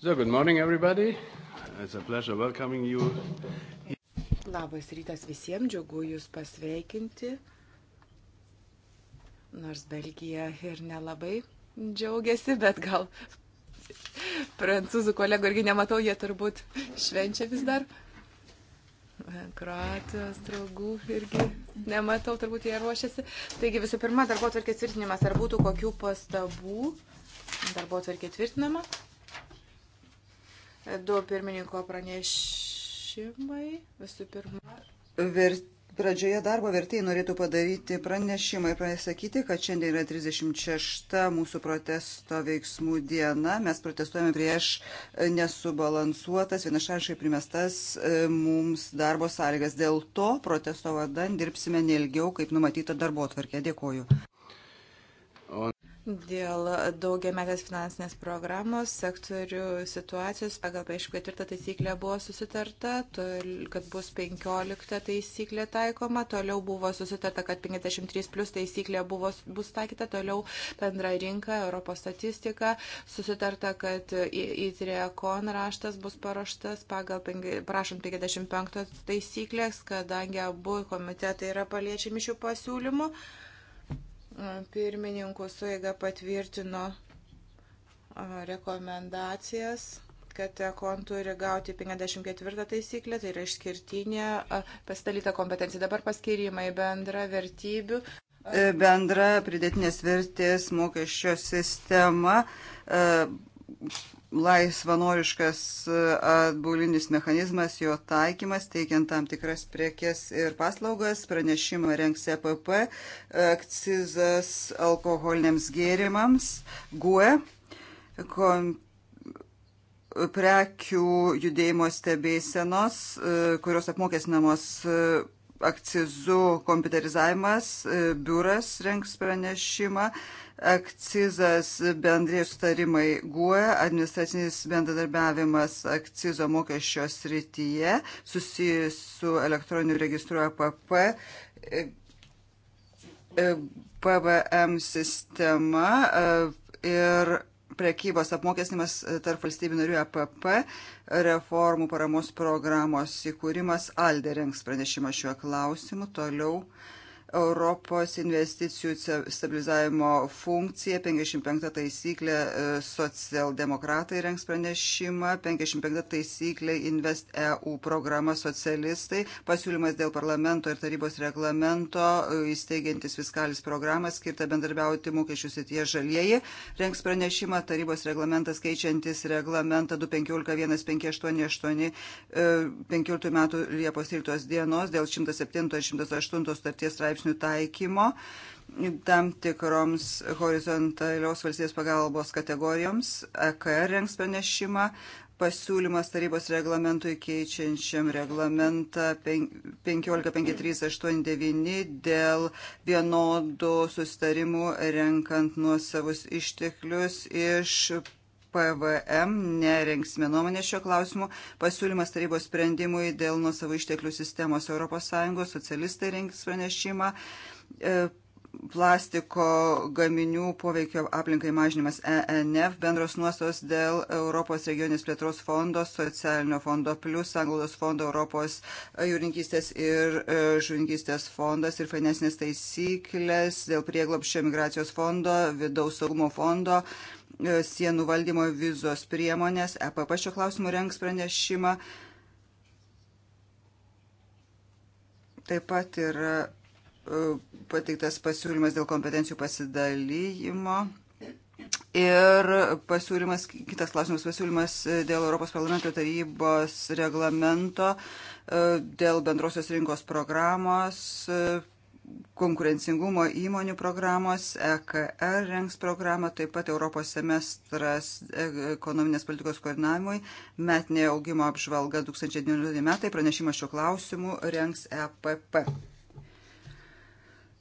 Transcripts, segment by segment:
So, good morning, everybody. It's a pleasure welcoming you. Labas rytas visiems, džiugu Jūs pasveikinti. Nors Belgija ir nelabai džiaugiasi, bet gal prancūzų kolegų irgi nematau, jie turbūt švenčia vis dar. Kroatijos draugų irgi nematau, turbūt jie ruošiasi. Taigi visų pirma, darbo tvarkės tvirtinimas, ar būtų kokių pastabų darbo tvarkė tvirtinama? Du pirmininko pranešimai. Visų pirma. Ver... Pradžioje darbo vertėjai norėtų padaryti pranešimą ir pasakyti, kad šiandien yra 36 mūsų protesto veiksmų diena. Mes protestuojame prieš nesubalansuotas, vienašališkai primestas e, mums darbo sąlygas. Dėl to protesto vardan dirbsime neilgiau, kaip numatyta darbo atvarkė. Dėkoju. Dėl daugiametės finansinės programos sektorių situacijos pagal 54 taisyklę buvo susitarta, kad bus 15 taisyklė taikoma, toliau buvo susitarta, kad 53 plus taisyklė buvo, bus taikyta, toliau bendra rinka, Europos statistika, susitarta, kad įtriekon raštas bus paruoštas pagal prašant 55 taisyklės, kadangi abu komitetai yra paliečiami šių pasiūlymų pirmininkų suiga patvirtino rekomendacijas kad ekon turi gauti 54 taisyklę, tai yra išskirtinė pasidalyta kompetencija. Dabar paskirimai bendra vertybių. E, bendra pridėtinės vertės mokesčio sistema e, laisvanoriškas atbulinis mechanizmas, jo taikymas, teikiant tam tikras prekes ir paslaugas, pranešimą rengs EPP, akcizas alkoholiniams gėrimams, GUE, kom, prekių judėjimo stebėsenos, e, kurios apmokestinamos e, akcizų kompiuterizavimas, e, biuras rengs pranešimą, akcizas bendrė sutarimai guoja, e, administracinis bendradarbiavimas akcizo mokesčio srityje susijęs su elektroniniu registru APP, PVM e, e, sistema ir prekybos apmokestinimas tarp valstybių narių APP, reformų paramos programos įkūrimas, Alde rengs pranešimą šiuo klausimu, toliau uh, Europos investicijų stabilizavimo funkcija, 55 taisyklė e, socialdemokratai rengs pranešimą, 55 taisyklė Invest EU programa socialistai, pasiūlymas dėl parlamento ir tarybos reglamento e, įsteigiantis fiskalis programą skirta bendarbiauti mokesčių sitie žalieji, rengs pranešimą tarybos reglamentas keičiantis reglamentą 2151588 15 e, metų Liepos 13 dienos dėl 107 ir 108 starties straipsnių straipsnių taikymo tam tikroms horizontalios valstybės pagalbos kategorijoms. EKR rengs pranešimą, pasiūlymas tarybos reglamentui keičiančiam reglamentą 155389 dėl vienodų sustarimų renkant nuosavus išteklius iš PVM, nerengsime nuomonės šio klausimu. Pasiūlymas tarybos sprendimui dėl nuosavų išteklių sistemos ES, socialistai rengs pranešimą. E, plastiko gaminių poveikio aplinkai mažinimas ENF, bendros nuostos dėl Europos regionės plėtros fondo, socialinio fondo plus, Anglodos fondo, Europos e, jūrininkystės ir e, žuvininkystės fondas ir finansinės taisyklės dėl prieglopščio migracijos fondo, vidaus saugumo fondo, E, sienų valdymo vizos priemonės. EPP šio klausimu rengs pranešimą. Taip pat yra e, pateiktas pasiūlymas dėl kompetencijų pasidalymo. Ir pasiūlymas, kitas klausimas, pasiūlymas dėl Europos parlamento tarybos reglamento, e, dėl bendrosios rinkos programos konkurencingumo įmonių programos, EKR rengs programą, taip pat Europos semestras e, ekonominės politikos koordinavimui, metinė augimo apžvalga 2019 metai, pranešimas šiuo klausimu rengs EPP.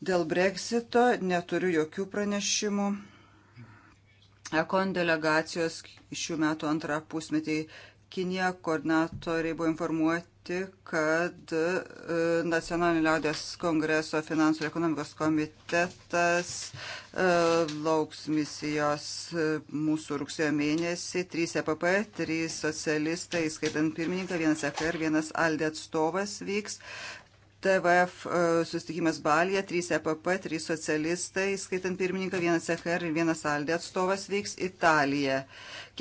Dėl breksito neturiu jokių pranešimų. Ekon delegacijos šių metų antrą pusmetį Kinija koordinatoriai buvo informuoti paskelbti, kad e, Nacionalinio liaudės kongreso finansų ir ekonomikos komitetas e, lauks misijos e, mūsų rugsėjo mėnesį. 3 EPP, 3 socialistai, skaitant pirmininką, vienas EKR, vienas ALDE atstovas vyks. TVF e, susitikimas Balija, 3 EPP, 3 socialistai, skaitant pirmininką, 1 EKR ir 1 Aldė atstovas vyks Italija.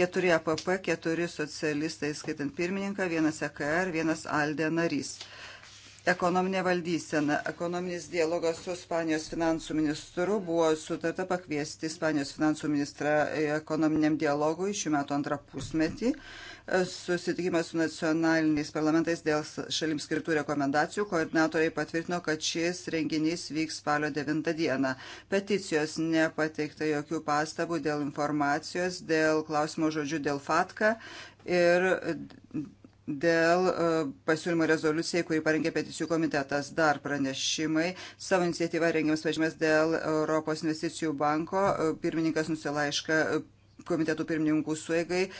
4 EPP, 4 socialistai, skaitant pirmininką, 1 EKR, 1 Aldė narys. Ekonominė valdysena. Ekonominis dialogas su Ispanijos finansų ministru buvo sutarta pakviesti Ispanijos finansų ministrą e, ekonominiam dialogui šiuo metu antrą pusmetį susitikimas su nacionaliniais parlamentais dėl šalims skirtų rekomendacijų. Koordinatoriai patvirtino, kad šis renginys vyks spalio 9 dieną. Peticijos nepateikta jokių pastabų dėl informacijos, dėl klausimo žodžių, dėl fatka ir dėl e, pasiūlymo rezoliucijai, kurį parengė peticijų komitetas. Dar pranešimai. Savo iniciatyvą rengiamas pažymės dėl Europos investicijų banko. E, pirmininkas nusilaiška e, komitetų pirmininkų suėgai e,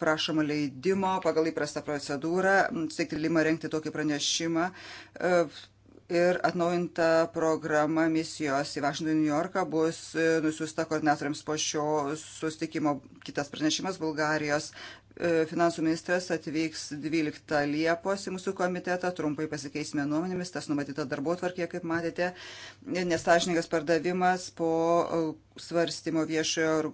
prašoma leidimo pagal įprastą procedūrą, suteikti leidimą renkti tokį pranešimą. E, ir atnaujinta programa misijos į Vašingtoną, New Yorką bus e, nusiusta koordinatoriams po šio sustikimo. Kitas pranešimas - Bulgarijos E, finansų ministras atvyks 12 Liepos į mūsų komitetą, trumpai pasikeisime nuomonėmis, tas numatyta darbo tvarkė, kaip matėte, nesažininkas pardavimas po e, svarstymo viešojo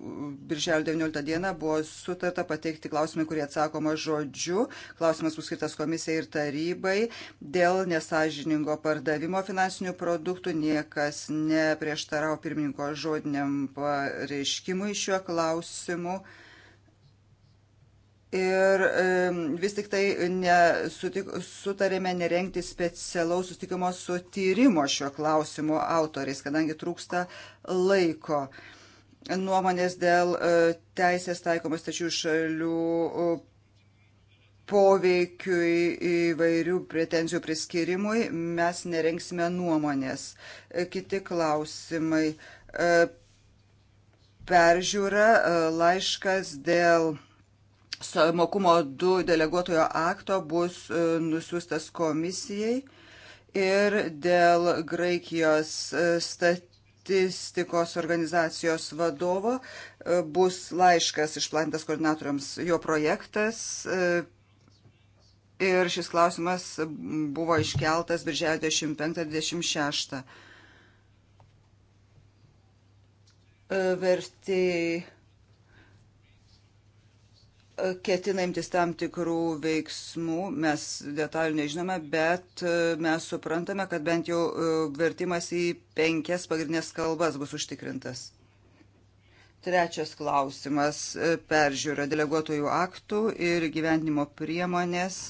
birželio 19 dieną buvo sutarta pateikti klausimai, kurie atsakoma žodžiu. Klausimas bus skirtas komisijai ir tarybai. Dėl nesažiningo pardavimo finansinių produktų niekas neprieštaravo pirmininko žodiniam pareiškimui šiuo klausimu. Ir vis tik tai nesutik, sutarėme nerengti specialaus sustikimo su tyrimo šio klausimo autoriais, kadangi trūksta laiko. Nuomonės dėl e, teisės taikomas tačių šalių poveikiui įvairių pretenzijų priskirimui mes nerengsime nuomonės. E, kiti klausimai. E, peržiūra, laiškas dėl mokumo 2 deleguotojo akto bus e, nusiųstas komisijai ir dėl Graikijos e, statistikos organizacijos vadovo e, bus laiškas išplantas koordinatoriams jo projektas. Ir šis klausimas buvo iškeltas birželio 25-26. Vertėjai ketina imtis tam tikrų veiksmų, mes detalių nežinome, bet e, mes suprantame, kad bent jau e, vertimas į penkias pagrindinės kalbas bus užtikrintas. Trečias klausimas - e, peržiūra deleguotojų aktų ir gyvenimo priemonės.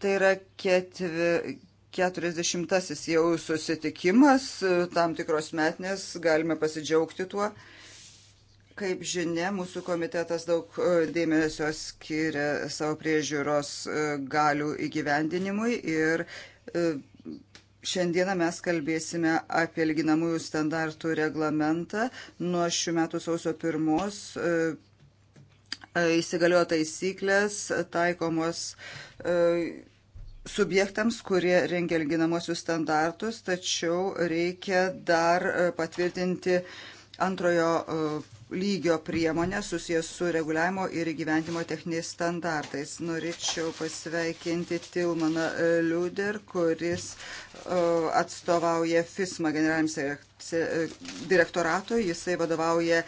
Tai yra ketvi, 40-asis jau susitikimas, tam tikros metnės, galime pasidžiaugti tuo. Uh, Kaip žinia, mūsų komitetas daug e, dėmesio skiria savo priežiūros e, galių įgyvendinimui ir e, šiandieną mes kalbėsime apie lyginamųjų standartų reglamentą. Nuo šių metų sausio pirmos įsigaliojo taisyklės taikomos subjektams, kurie rengia lyginamosius standartus, tačiau reikia dar patvirtinti antrojo lygio priemonę susijęs su reguliavimo ir įgyvendimo techniniais standartais. Norėčiau pasveikinti Tilmaną e, Liuder, kuris e, atstovauja FISMA generaliniam e, direktoratui. Jisai vadovauja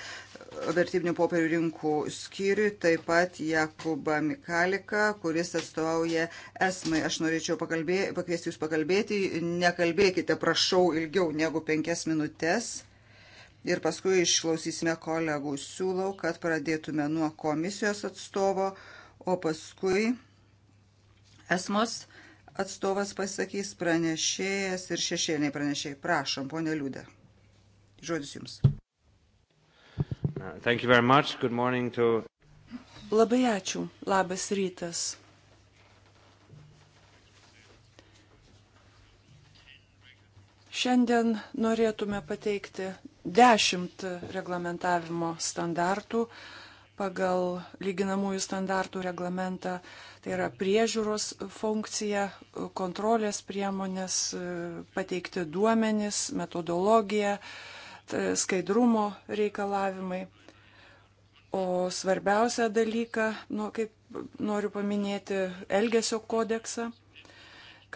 vertybinių popierių rinkų skyriui, taip pat Jakubą Mikalika, kuris atstovauja esmai. Aš norėčiau pakviesti Jūs pakalbėti, nekalbėkite, prašau, ilgiau negu penkias minutės ir paskui išklausysime kolegų. Siūlau, kad pradėtume nuo komisijos atstovo, o paskui esmos atstovas pasakys pranešėjas ir šešėliniai pranešėjai. Prašom, ponė Liūdė. Žodis jums. To... Labai ačiū. Labas rytas. Šiandien norėtume pateikti dešimt reglamentavimo standartų pagal lyginamųjų standartų reglamentą. Tai yra priežiūros funkcija, kontrolės priemonės, pateikti duomenys, metodologija, skaidrumo reikalavimai. O svarbiausią dalyką, nu, kaip noriu paminėti, Elgesio kodeksą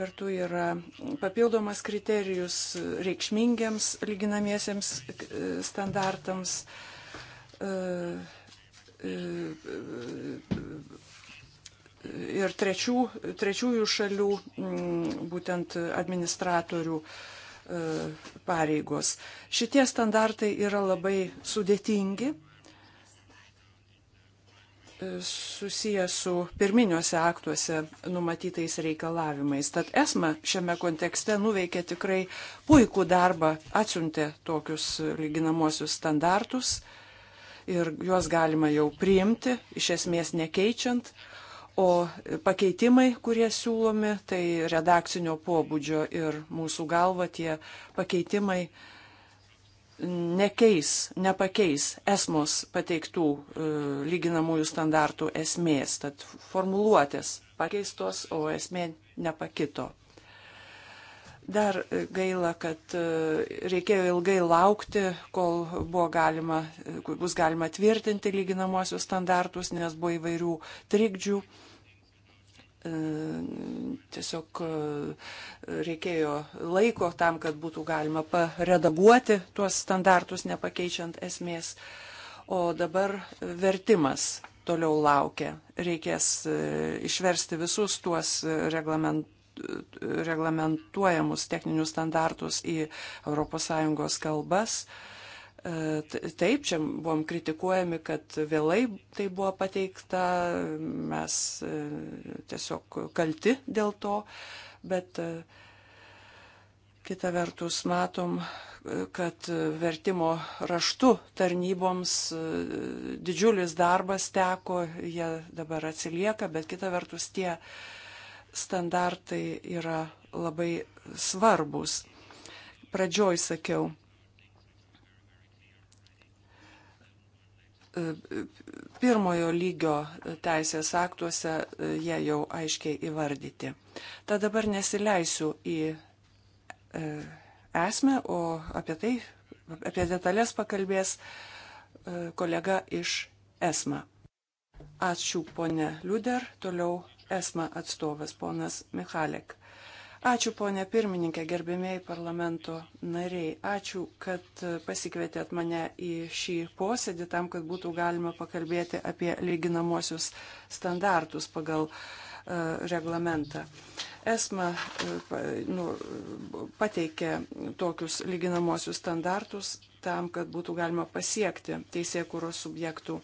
kartu yra papildomas kriterijus reikšmingiems lyginamiesiems standartams ir trečių, trečiųjų šalių mm, būtent administratorių e, pareigos. Šitie standartai yra labai sudėtingi susijęs su pirminiuose aktuose numatytais reikalavimais. Tad esma šiame kontekste nuveikė tikrai puikų darbą, atsiuntė tokius lyginamosius standartus ir juos galima jau priimti, iš esmės nekeičiant. O pakeitimai, kurie siūlomi, tai redakcinio pobūdžio ir mūsų galva tie pakeitimai nekeis, nepakeis esmos pateiktų e, lyginamųjų standartų esmės, tad formuluotės pakeistos, o esmė nepakito. Dar e, gaila, kad e, reikėjo ilgai laukti, kol galima, bus galima tvirtinti lyginamosius standartus, nes buvo įvairių trikdžių. E, tiesiog e, reikėjo laiko tam, kad būtų galima paredaguoti tuos standartus, nepakeičiant esmės. O dabar vertimas toliau laukia. Reikės e, išversti visus tuos reglamentus reglamentuojamus techninius standartus į ES kalbas. E, taip, čia buvom kritikuojami, kad vėlai tai buvo pateikta, mes e, tiesiog kalti dėl to, bet e, kita vertus matom, kad vertimo raštu tarnyboms didžiulis darbas teko, jie dabar atsilieka, bet kita vertus tie standartai yra labai svarbus. Pradžioj sakiau, pirmojo lygio teisės aktuose e, jie jau aiškiai įvardyti. Tad dabar nesileisiu į e, esmę, o apie tai, apie detalės pakalbės e, kolega iš ESMA. Ačiū, ponė Liuder, toliau ESMA atstovas, ponas Michalek. Ačiū, ponė pirmininkė, gerbėmėjai parlamento nariai. Ačiū, kad pasikvietėt mane į šį posėdį tam, kad būtų galima pakalbėti apie lyginamosius standartus pagal uh, reglamentą. ESMA uh, nu, pateikė tokius lyginamosius standartus tam, kad būtų galima pasiekti teisėkūros subjektų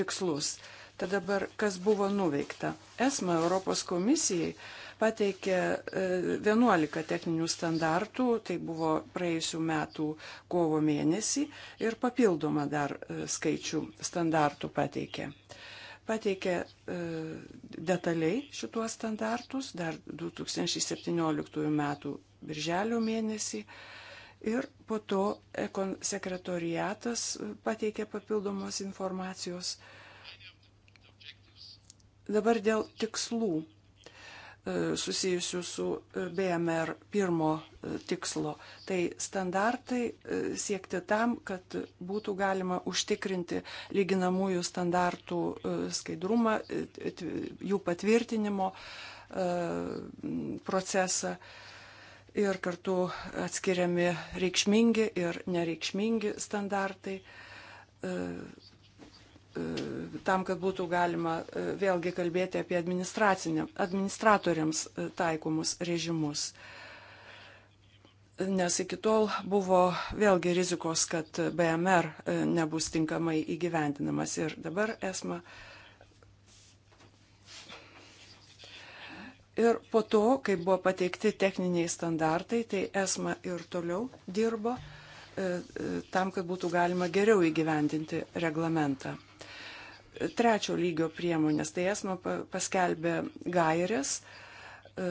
tikslus. Tad dabar, kas buvo nuveikta? ESMA Europos komisijai uh, pateikė 11 e, techninių standartų, tai buvo praėjusių metų kovo mėnesį ir papildomą dar e, skaičių standartų pateikė. Pateikė e, detaliai šituos standartus dar 2017 metų birželio mėnesį. Ir po to ekon sekretoriatas pateikė papildomos informacijos. Dabar dėl tikslų E, susijusių su e, BMR pirmo e, tikslo. Tai standartai siekti tam, kad būtų galima užtikrinti lyginamųjų standartų skaidrumą, jų patvirtinimo procesą ir kartu atskiriami reikšmingi ir nereikšmingi standartai E, tam, kad būtų galima e, vėlgi kalbėti apie administratoriams e, taikomus režimus. Nes iki tol buvo vėlgi rizikos, kad BMR nebus tinkamai įgyvendinamas ir dabar esame. Ir po to, kai buvo pateikti techniniai standartai, tai esma ir toliau dirbo tam, kad būtų galima geriau įgyvendinti reglamentą trečio lygio priemonės. Tai esmo paskelbė gairės e,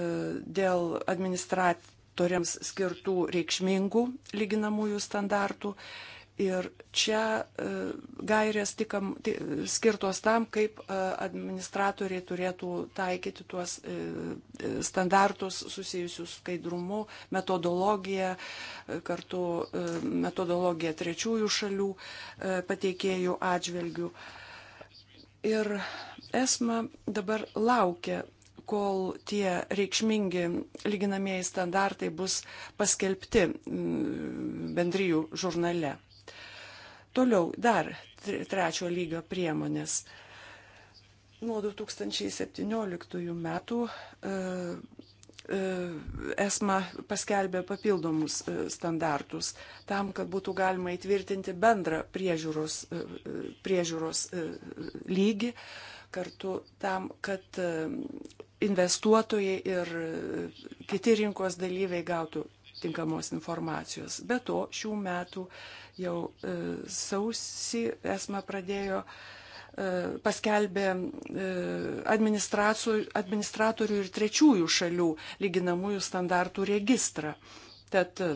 dėl administratoriams skirtų reikšmingų lyginamųjų standartų. Ir čia e, gairės tikam, skirtos tam, kaip e, administratoriai turėtų taikyti tuos standartus susijusius skaidrumu, metodologija, kartu metodologija trečiųjų šalių pateikėjų atžvilgių. Ir esma dabar laukia, kol tie reikšmingi lyginamieji standartai bus paskelbti mm, bendryjų žurnale. Toliau dar trečio lygio priemonės nuo 2017 metų e, E, ESMA paskelbė papildomus e, standartus tam, kad būtų galima įtvirtinti bendrą priežiūros, e, priežiūros lygį, kartu tam, kad investuotojai ir kiti rinkos dalyviai gautų tinkamos informacijos. Be to, šių metų jau sausį esma pradėjo uh, E, paskelbė e, administratorių ir trečiųjų šalių lyginamųjų standartų registrą. Tad e,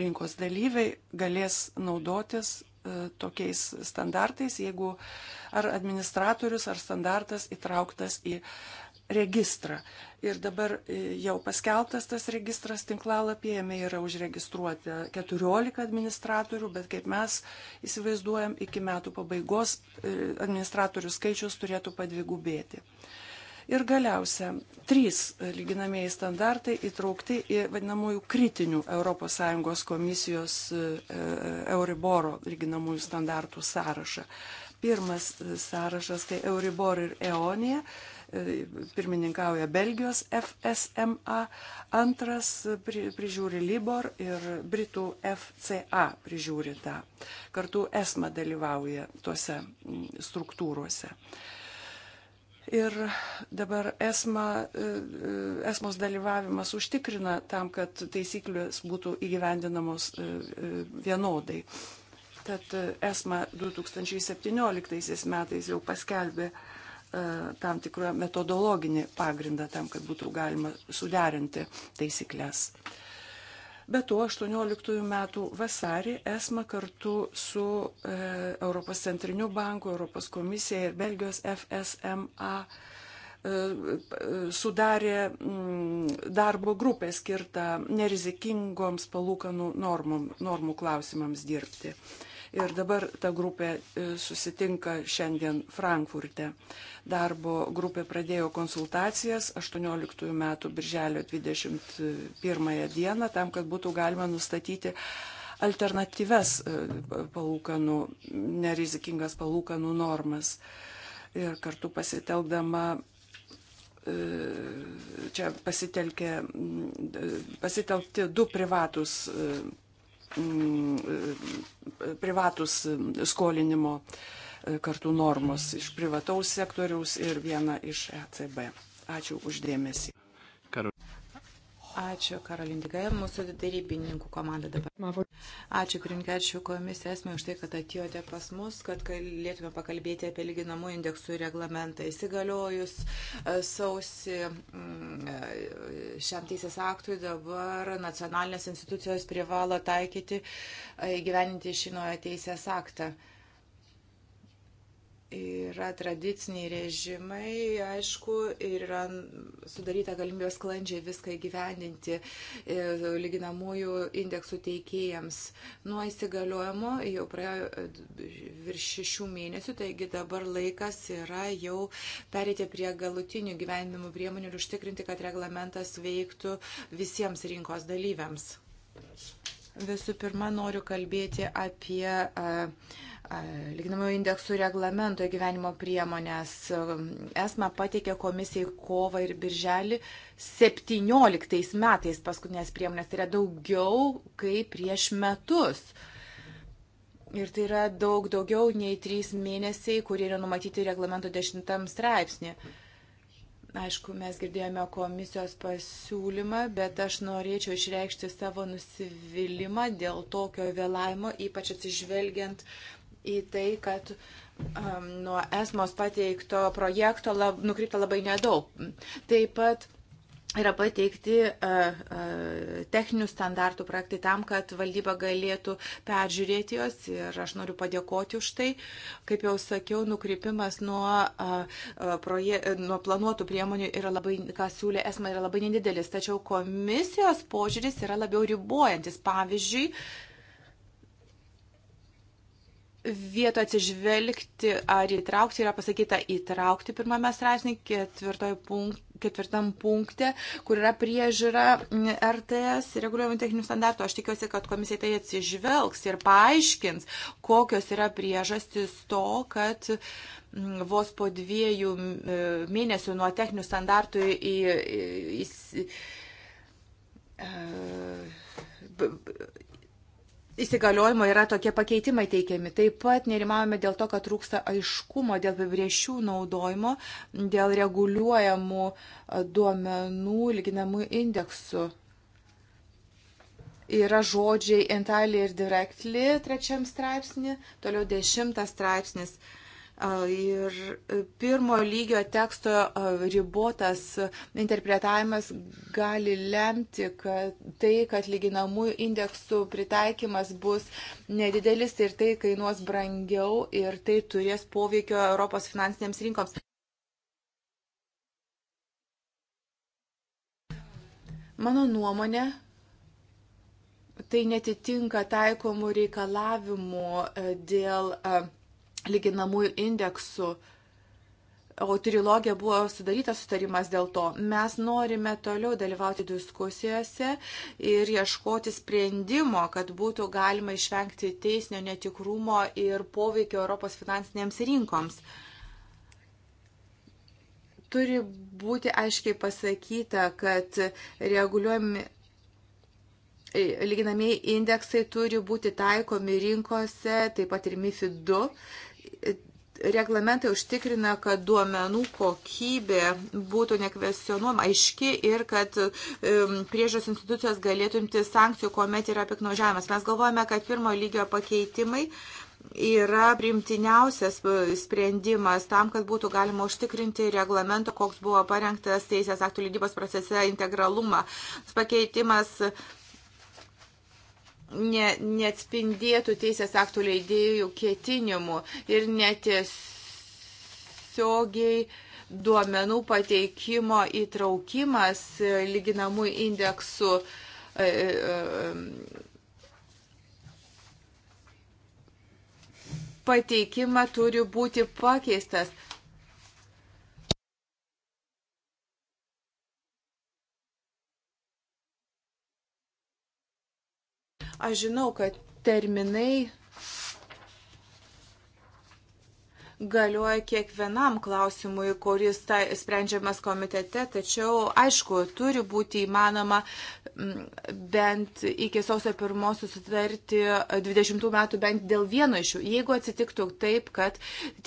rinkos dalyviai galės naudotis tokiais standartais, jeigu ar administratorius, ar standartas įtrauktas į registrą. Ir dabar e, jau paskelbtas tas registras tinklalapyje, jame yra užregistruoti 14 administratorių, bet kaip mes įsivaizduojam, iki metų pabaigos e, administratorių skaičius turėtų padvigubėti. Ir galiausia, trys lyginamieji standartai įtraukti į vadinamųjų kritinių ES komisijos e, Euriboro lyginamųjų standartų sąrašą. Pirmas sąrašas tai Euribor ir Eonija, E, pirmininkauja Belgijos FSMA, antras prižiūri Libor ir Britų FCA prižiūri tą. Kartu ESMA dalyvauja tuose struktūruose. Ir dabar esma, e, e, esmos dalyvavimas užtikrina tam, kad taisyklės būtų įgyvendinamos vienodai. Tad esma 2017 metais jau paskelbė E, tam tikrą metodologinį pagrindą tam, kad būtų galima suderinti taisyklės. Be to, 18 metų vasarį esame kartu su e, Europos Centriniu banku, Europos komisija ir Belgijos FSMA e, sudarė mm, darbo grupę skirtą nerizikingoms palūkanų normų, normų klausimams dirbti. E, Ir dabar ta grupė e, susitinka šiandien Frankfurte. Darbo grupė pradėjo konsultacijas 18 metų birželio 21 dieną tam, kad būtų galima nustatyti alternatyves e, palūkanų, nerizikingas palūkanų normas. Ir kartu pasitelkdama e, čia pasitelkė, pasitelkti du privatus Mm, privatus skolinimo e, kartų normos iš privataus sektoriaus ir viena iš ECB. Ačiū uždėmesi. Ačiū, Karolindikai, mūsų darybininkų komanda dabar. Ačiū, pirmininkė, ačiū komisija esmė už tai, kad atėjote pas mus, kad galėtume pakalbėti apie lyginamų indeksų reglamentą įsigaliojus e, sausi mm, e, šiam teisės aktui dabar nacionalinės institucijos privalo taikyti e, įgyveninti šį naują teisės aktą yra tradiciniai režimai, aišku, ir yra sudaryta galimybė sklandžiai viską įgyvendinti e, lyginamųjų indeksų teikėjams. Nuo įsigaliojimo jau praėjo e, virš šešių mėnesių, taigi dabar laikas yra jau perėti prie galutinių gyvenimų priemonių ir užtikrinti, kad reglamentas veiktų visiems rinkos dalyviams. Visų pirma, noriu kalbėti apie uh, Lyginamojo indeksų reglamento gyvenimo priemonės esmą pateikė komisijai kovą ir birželį 17 metais paskutinės priemonės. Tai yra daugiau kaip prieš metus. Ir tai yra daug daugiau nei 3 mėnesiai, kurie yra numatyti reglamento 10 straipsnį. Aišku, mes girdėjome komisijos pasiūlymą, bet aš norėčiau išreikšti savo nusivylimą dėl tokio vėlavimo, ypač atsižvelgiant uh, į tai, kad um, nuo esmos pateikto projekto lab, nukrypta labai nedaug. Taip pat yra pateikti uh, uh, techninių standartų projektai tam, kad valdyba galėtų peržiūrėti juos ir aš noriu padėkoti už tai. Kaip jau sakiau, nukrypimas nuo, uh, uh proje, nuo planuotų priemonių yra labai, ką siūlė esma, yra labai nedidelis, tačiau komisijos požiūris yra labiau ribojantis. Pavyzdžiui, uh, vietų atsižvelgti ar įtraukti yra pasakyta įtraukti pirmame straipsnį, punkt, ketvirtam punkte, kur yra priežiūra RTS reguliuojamų techninių standartų. Aš tikiuosi, kad komisija tai atsižvelgs ir paaiškins, kokios yra priežastis to, kad vos po dviejų e, mėnesių nuo techninių standartų į. į, į, į įsigaliojimo yra tokie pakeitimai teikiami. Taip pat nerimavome dėl to, kad trūksta aiškumo dėl apibriešių naudojimo, dėl reguliuojamų duomenų lyginamų indeksų. Yra žodžiai entirely ir directly trečiam straipsnį, toliau dešimtas straipsnis. Uh, Ir e, pirmo lygio teksto ribotas interpretavimas gali lemti, kad tai, kad lyginamųjų indeksų pritaikymas bus nedidelis ir tai kainuos brangiau ir tai turės poveikio Europos finansinėms rinkoms. Mano nuomonė, tai netitinka taikomų reikalavimų e, dėl uh, lyginamųjų indeksų. O trilogija buvo sudarytas sutarimas dėl to. Mes norime toliau dalyvauti diskusijose ir ieškoti sprendimo, kad būtų galima išvengti teisinio netikrumo ir poveikio Europos finansinėms rinkoms turi būti aiškiai pasakyta, kad reguliuojami lyginamieji indeksai turi būti taikomi rinkose, taip pat ir MIFID 2 reglamentai užtikrina, kad duomenų kokybė būtų nekvesionuoma, aiški ir kad priežos institucijos galėtų imti sankcijų, kuomet yra piknaudžiavimas. Mes galvojame, kad pirmo lygio pakeitimai yra primtiniausias e, sprendimas tam, kad būtų galima užtikrinti reglamento, koks buvo parengtas teisės aktų lydybos procese integralumą. Pakeitimas ne, neatspindėtų teisės aktų leidėjų ketinimų ir netiesiogiai duomenų pateikimo įtraukimas e, lyginamų indeksų e, e, e pateikimą turi būti pakeistas. Aš žinau, kad terminai galioja kiekvienam klausimui, kuris tai, sprendžiamas komitete, tačiau, aišku, turi būti įmanoma bent iki sausio pirmos susitarti 20 e, metų bent dėl vieno iš jų. Jeigu atsitiktų taip, kad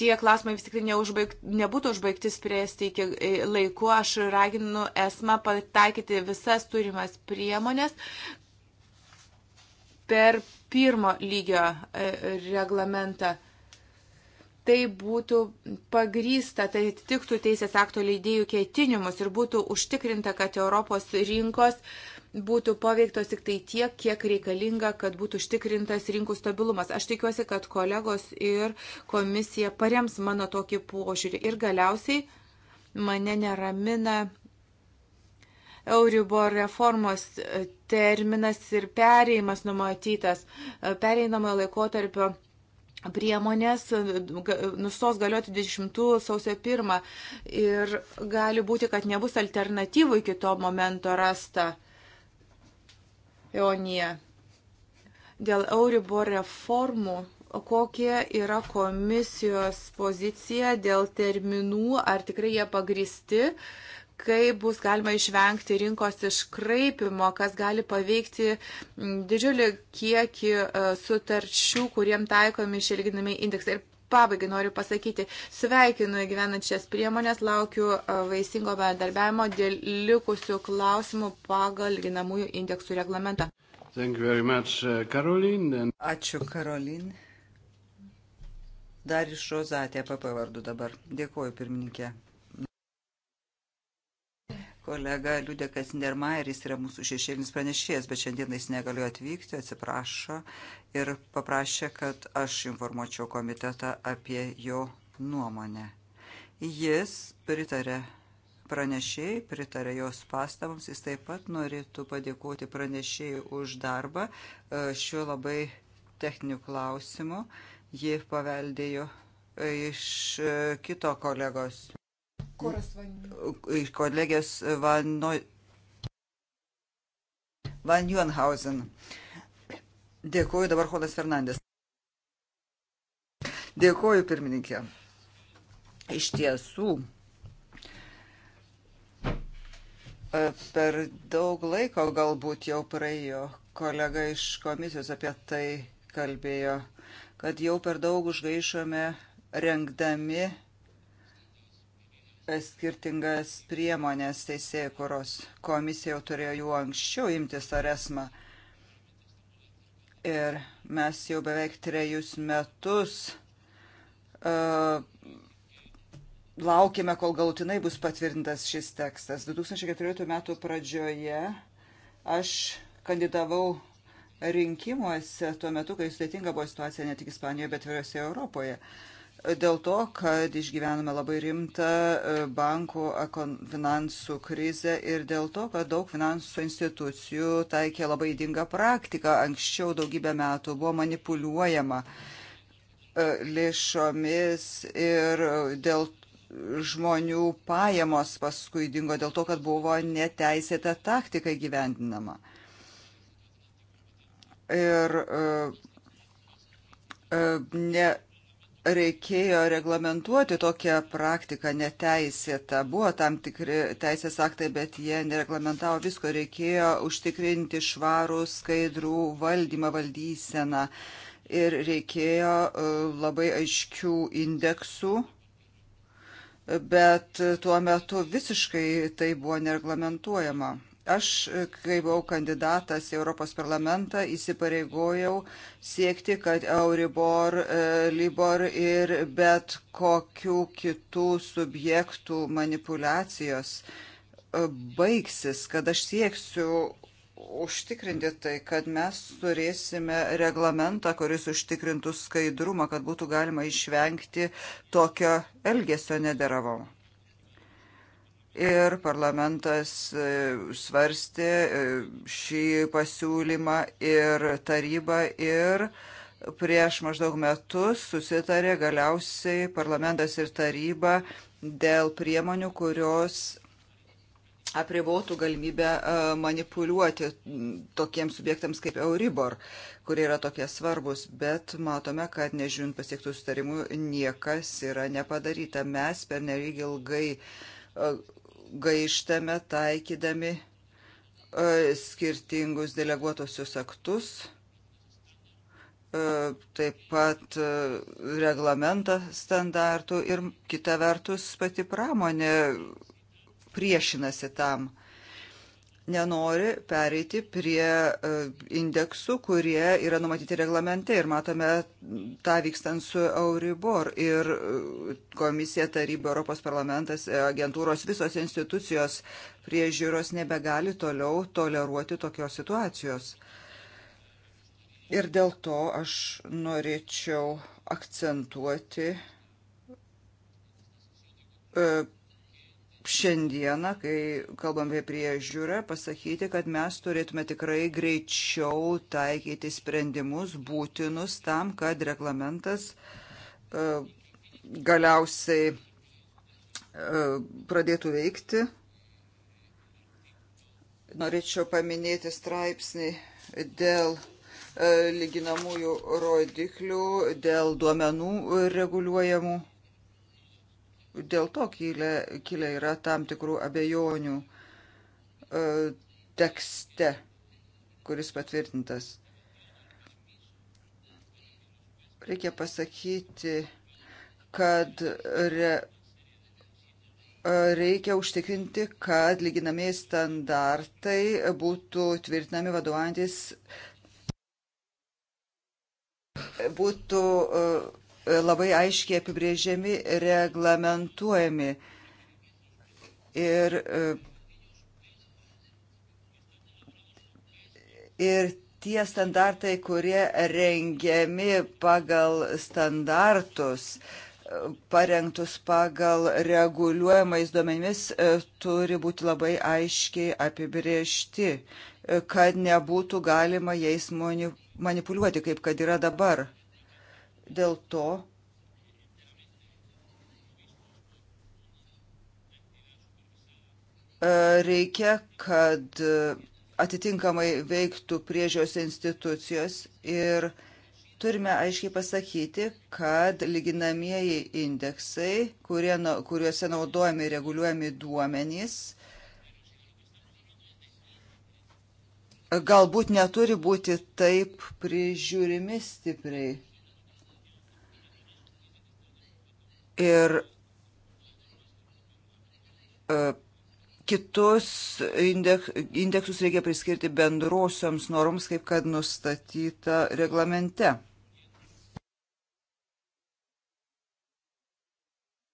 tie klausimai vis tik neužbaig, nebūtų užbaigti spręsti iki e, laiku, aš raginu esmą pataikyti visas turimas priemonės, per pirmo lygio e, reglamentą. Tai būtų pagrysta, tai atitiktų teisės akto leidėjų keitinimus ir būtų užtikrinta, kad Europos rinkos būtų paveiktos tik tai tiek, kiek reikalinga, kad būtų užtikrintas rinkų stabilumas. Aš tikiuosi, kad kolegos ir komisija parems mano tokį požiūrį. Ir galiausiai mane neramina Euribor reformos e, terminas ir perėjimas numatytas, e, pereinamojo laikotarpio priemonės e, nustos galioti 20 sausio 1 ir gali būti, kad nebus alternatyvų iki to momento rasta Eonija. Dėl Euribor reformų, kokia yra komisijos pozicija dėl terminų, ar tikrai jie pagristi, uh, kaip bus galima išvengti rinkos iškraipimo, kas gali paveikti didžiulį kiekį e, sutarčių, kuriem taikomi išilginami indeksai. Ir pabaigai noriu pasakyti, sveikinu įgyvenant šias priemonės, laukiu e, vaisingo bendarbiavimo dėl likusių klausimų pagal ginamųjų indeksų reglamentą. Much, uh, Caroline. And... Ačiū, Karolin. Dar iš Rozatė papavardu dabar. Dėkuoju, pirmininkė. Kolega Liudekas Nermajeris yra mūsų šešėlinis pranešėjas, bet šiandien jis negaliu atvykti, atsiprašo ir paprašė, kad aš informuočiau komitetą apie jo nuomonę. Jis pritarė pranešėjai, pritarė jos pastabams, jis taip pat norėtų padėkoti pranešėjai už darbą e, šiuo labai techniniu klausimu. Ji paveldėjo iš e, kito kolegos Koras Van. Kolegės Van, no... Van Juenhausen. Dėkuoju dabar Hodas Fernandės. Dėkuoju pirmininkė. Iš tiesų, e, per daug laiko galbūt jau praėjo, kolega iš komisijos apie tai kalbėjo, kad jau per daug užgaišome rengdami skirtingas priemonės teisėjų kuros komisija jau turėjo jų anksčiau imtis aresmą. Ir mes jau beveik trejus metus uh, laukime, kol galutinai bus patvirtintas šis tekstas. 2014 metų pradžioje aš kandidavau rinkimuose tuo metu, kai sudėtinga buvo situacija ne tik Ispanijoje, bet ir visoje Europoje. Uh, dėl to, kad išgyvename labai rimtą e, bankų finansų krizę ir dėl to, kad daug finansų institucijų taikė labai įdingą praktiką. Anksčiau daugybę metų buvo manipuliuojama e, lėšomis ir dėl žmonių pajamos paskui dingo dėl to, kad buvo neteisėta taktika gyvendinama. Ir e, ne, reikėjo reglamentuoti tokią praktiką neteisėtą. Buvo tam tikri teisės aktai, bet jie nereglamentavo visko. Reikėjo užtikrinti švarų, skaidrų valdymą, valdyseną. Ir reikėjo e, labai aiškių indeksų, bet tuo metu visiškai tai buvo nereglamentuojama. Aš, kai buvau kandidatas į Europos parlamentą, įsipareigojau siekti, kad Euribor, e, Libor ir bet kokių kitų subjektų manipulacijos e, baigsis, kad aš sieksiu užtikrinti tai, kad mes turėsime reglamentą, kuris užtikrintų skaidrumą, kad būtų galima išvengti tokio elgesio nederavimo ir parlamentas e, svarstė e, šį pasiūlymą ir taryba ir prieš maždaug metus susitarė galiausiai parlamentas ir taryba dėl priemonių, kurios apribotų galimybę e, manipuliuoti tokiems subjektams kaip Euribor, kurie yra tokie svarbus, bet matome, kad nežiūrint pasiektų sutarimų, niekas yra nepadaryta. Mes per nereik ilgai gaištame taikydami e, skirtingus deleguotosius aktus, e, taip pat e, reglamentą standartų ir kita vertus pati pramonė priešinasi tam nenori pereiti prie e, indeksų, kurie yra numatyti reglamente ir matome tą vykstant su Euribor ir e, komisija, taryba, Europos parlamentas, e, agentūros, visos institucijos priežiūros nebegali toliau toleruoti tokios situacijos. Ir dėl to aš norėčiau akcentuoti šiandieną, kai kalbam apie priežiūrą, pasakyti, kad mes turėtume tikrai greičiau taikyti sprendimus būtinus tam, kad reglamentas e, galiausiai e, pradėtų veikti. Norėčiau paminėti straipsnį dėl e, lyginamųjų rodiklių, dėl duomenų reguliuojamų dėl to kilę, kilę yra tam tikrų abejonių e, tekste, kuris patvirtintas. Reikia pasakyti, kad re, e, reikia užtikrinti, kad lyginamieji standartai būtų tvirtinami vadovantis būtų uh, labai aiškiai apibrėžiami, reglamentuojami. Ir, e, ir tie standartai, kurie rengiami pagal standartus, e, parengtus pagal reguliuojamais duomenimis, e, turi būti labai aiškiai apibriežti, kad nebūtų galima jais manipuliuoti, kaip kad yra dabar. Dėl to e, reikia, kad atitinkamai veiktų priežios institucijos ir turime aiškiai pasakyti, kad lyginamieji indeksai, kurie, kuriuose naudojami reguliuojami duomenys, galbūt neturi būti taip prižiūrimi stipriai. ir e, kitus indeksus reikia priskirti bendrosioms normoms, kaip kad nustatyta reglamente.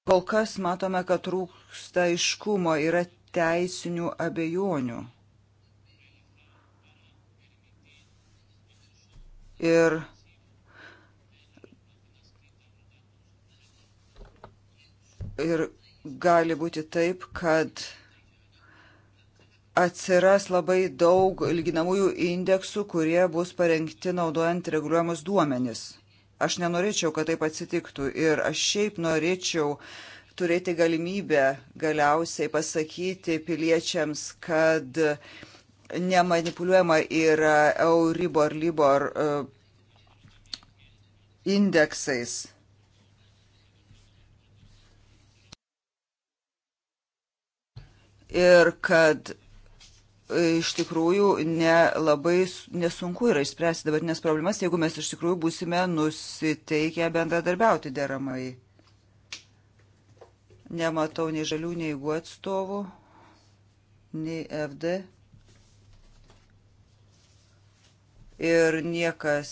Kol kas matome, kad trūksta iškumo, yra teisinių abejonių. Ir Ir gali būti taip, kad atsiras labai daug lyginamųjų indeksų, kurie bus parengti naudojant reguliuojamus duomenis. Aš nenorėčiau, kad taip atsitiktų ir aš šiaip norėčiau turėti galimybę galiausiai pasakyti piliečiams, kad nemanipuliuojama yra Euribor, Libor e, indeksais ir kad e, iš tikrųjų nelabai nesunku yra išspręsti dabartinės problemas, jeigu mes iš tikrųjų būsime nusiteikę bendradarbiauti deramai. Nematau nei žalių, nei jų atstovų, nei FD. Ir niekas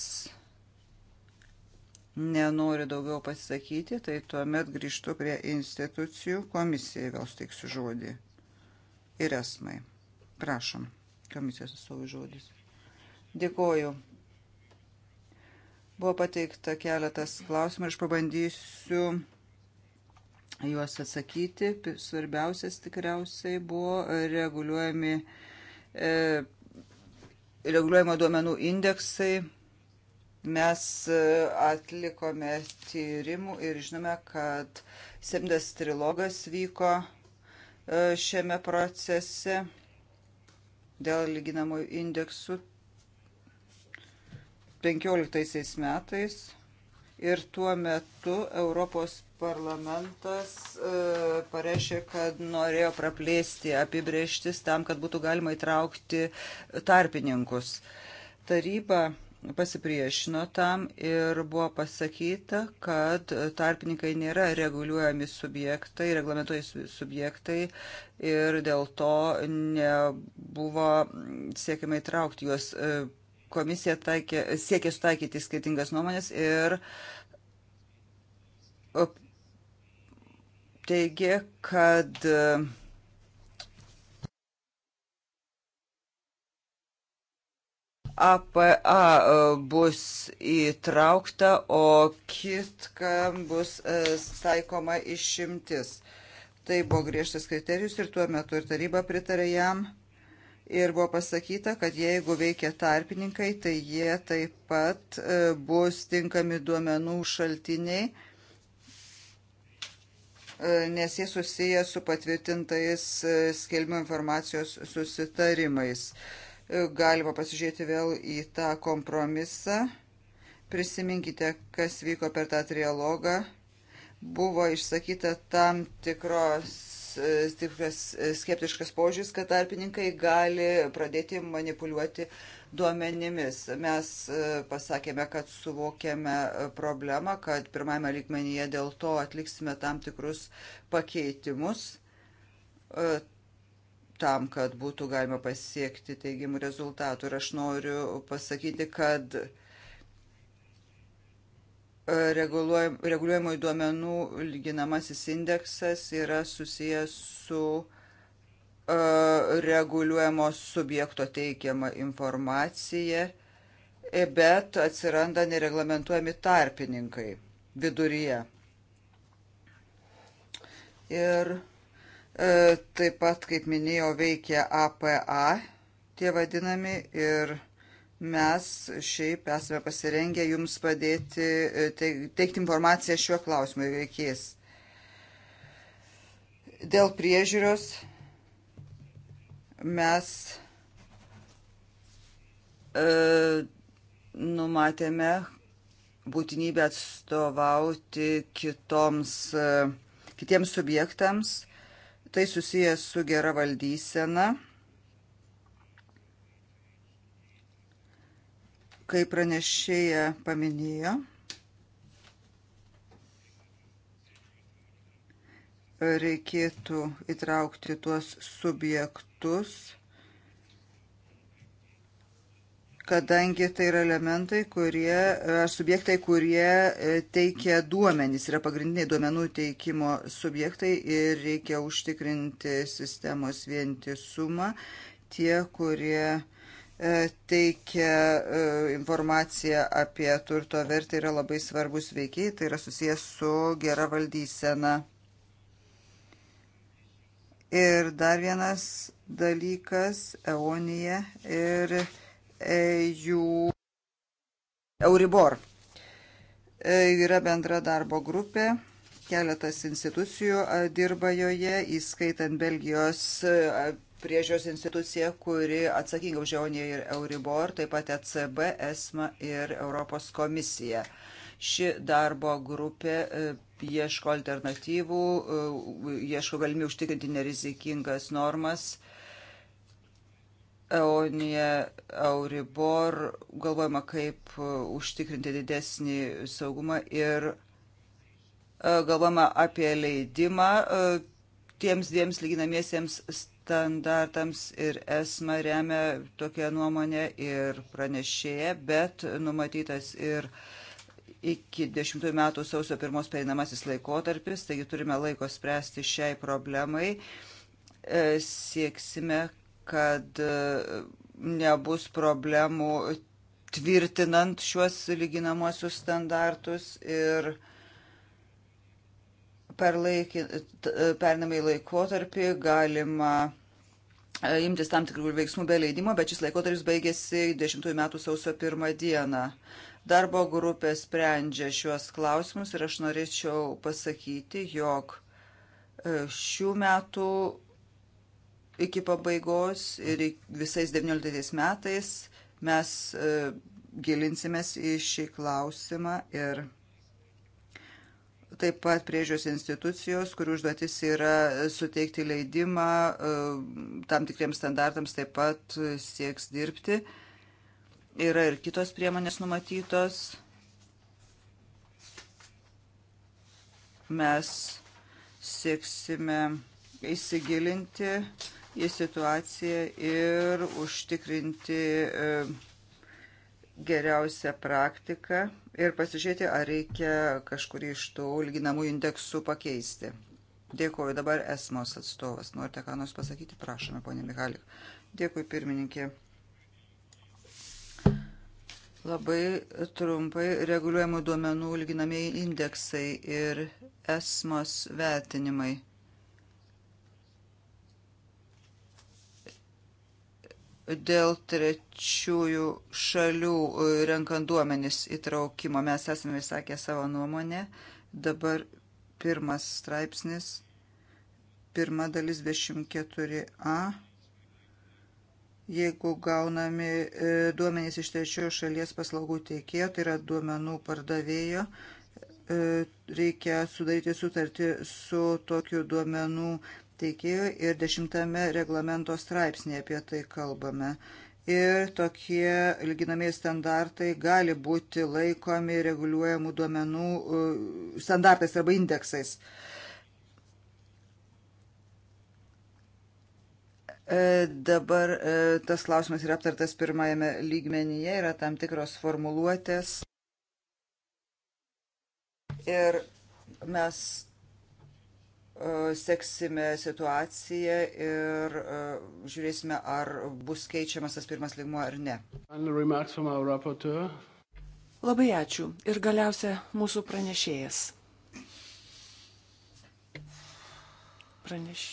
nenori daugiau pasisakyti, tai tuomet grįžtu prie institucijų komisijai vėl steiksiu žodį ir esmai. Prašom, komisijos atstovų žodis. Dėkoju. Buvo pateikta keletas klausimų ir aš pabandysiu juos atsakyti. Svarbiausias tikriausiai buvo reguliuojami, e, reguliuojama duomenų indeksai. Mes e, atlikome tyrimų ir žinome, kad septintas trilogas vyko E, šiame procese dėl lyginamųjų indeksų 15 metais ir tuo metu Europos parlamentas e, pareiškė, kad norėjo praplėsti apibrieštis tam, kad būtų galima įtraukti tarpininkus. Taryba pasipriešino tam ir buvo pasakyta, kad tarpininkai nėra reguliuojami subjektai, reglamentojai subjektai ir dėl to nebuvo siekiama įtraukti juos. E, komisija taikė, siekė sutaikyti skirtingas nuomonės ir teigė, kad uh, APA e, bus įtraukta, o kitkam bus e, taikoma išimtis. Tai buvo griežtas kriterijus ir tuo metu ir taryba pritarė jam. Ir buvo pasakyta, kad jeigu veikia tarpininkai, tai jie taip pat e, bus tinkami duomenų šaltiniai, nes jie susiję su patvirtintais skelbimo informacijos susitarimais. Galima pasižiūrėti vėl į tą kompromisą. Prisiminkite, kas vyko per tą trialogą. Buvo išsakyta tam tikros e, tikras e, skeptiškas požiūris, kad tarpininkai gali pradėti manipuliuoti duomenimis. Mes e, pasakėme, kad suvokėme problemą, kad pirmajame lygmenyje dėl to atliksime tam tikrus pakeitimus tam, kad būtų galima pasiekti teigiamų rezultatų. Ir aš noriu pasakyti, kad e, reguliuojamųjų duomenų lyginamasis indeksas yra susijęs su e, reguliuojamo subjekto teikiama informacija, e, bet atsiranda nereglamentuojami tarpininkai viduryje. Ir E, taip pat, kaip minėjau, veikia APA, tie vadinami, ir mes šiaip esame pasirengę jums padėti, e, teikti informaciją šiuo klausimu veikės. Dėl priežiūros mes e, numatėme būtinybę atstovauti kitoms, e, kitiems subjektams tai susijęs su gera valdysena. Kaip pranešėja paminėjo, reikėtų įtraukti tuos subjektus, kadangi tai yra elementai, kurie, e, ar subjektai, kurie e, teikia duomenys, yra pagrindiniai duomenų teikimo subjektai ir reikia užtikrinti sistemos vientisumą. Tie, kurie e, teikia informaciją apie turto vertę, yra labai svarbus veikiai, tai yra susijęs su gera valdysena. Ir dar vienas dalykas - Eonija ir E, jų Euribor. E, yra bendra darbo grupė, keletas institucijų e, dirba joje, įskaitant Belgijos priežios instituciją, kuri atsakinga už jaunį ir Euribor, taip pat ECB, ESMA ir Europos komisija. Ši darbo grupė ieško alternatyvų, ieško galimybių užtikrinti nerizikingas normas Eonija, Euribor, galvojama, kaip e, užtikrinti didesnį saugumą ir e, galvojama apie leidimą e, tiems dviems lyginamiesiems standartams ir esma remia tokią nuomonę ir pranešėja, bet numatytas ir iki 10 metų sausio pirmos pereinamasis laikotarpis, taigi turime laiko spręsti šiai problemai. Sieksime, kad e, nebus problemų tvirtinant šiuos lyginamosius standartus ir per e, pernamai laikotarpį galima e, imtis tam tikrų veiksmų be leidimo, bet šis laikotarpis baigėsi 10 metų sausio 1 dieną. Darbo grupė sprendžia šiuos klausimus ir aš norėčiau pasakyti, jog šių metų iki pabaigos ir visais 19 metais mes e, gilinsimės į šį klausimą ir taip pat priežios institucijos, kurių užduotis yra suteikti leidimą e, tam tikriems standartams, taip pat sieks dirbti. Yra ir kitos priemonės numatytos. Mes sieksime įsigilinti į situaciją ir užtikrinti e, geriausią praktiką ir pasižiūrėti, ar reikia kažkurį iš tų lyginamų indeksų pakeisti. Dėkuoju dabar esmos atstovas. Norite ką nors pasakyti? Prašome, ponė Michalik. Dėkui, pirmininkė. Labai trumpai reguliuojamų duomenų lyginamieji indeksai ir esmos vertinimai. dėl trečiųjų šalių e, renkant duomenis įtraukimo. Mes esame įsakę savo nuomonę. Dabar pirmas straipsnis, pirma dalis 24a. Jeigu gaunami e, duomenys iš trečiojo šalies paslaugų teikėjo, tai yra duomenų pardavėjo, e, reikia sudaryti sutartį su tokiu duomenų teikėjo ir dešimtame reglamento straipsnėje apie tai kalbame. Ir tokie lyginamieji standartai gali būti laikomi reguliuojamų duomenų e, standartais arba indeksais. E, dabar e, tas klausimas yra aptartas pirmajame lygmenyje, yra tam tikros formuluotės. Ir mes E, seksime situaciją ir e, žiūrėsime, ar bus keičiamas tas pirmas lygmuo ar ne. Labai ačiū. Ir galiausia mūsų pranešėjas. Praneš.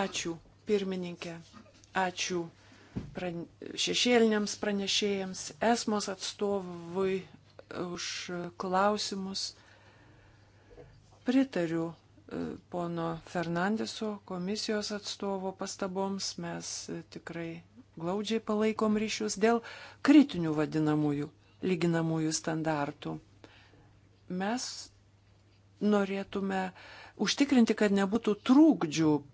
Ačiū, pirmininkė. Ačiū pran... šešėliniams pranešėjams, esmos atstovui už klausimus Pritariu e, pono Fernandeso komisijos atstovo pastaboms, mes e, tikrai glaudžiai palaikom ryšius dėl kritinių vadinamųjų lyginamųjų standartų. Mes norėtume užtikrinti, kad nebūtų trūkdžių e,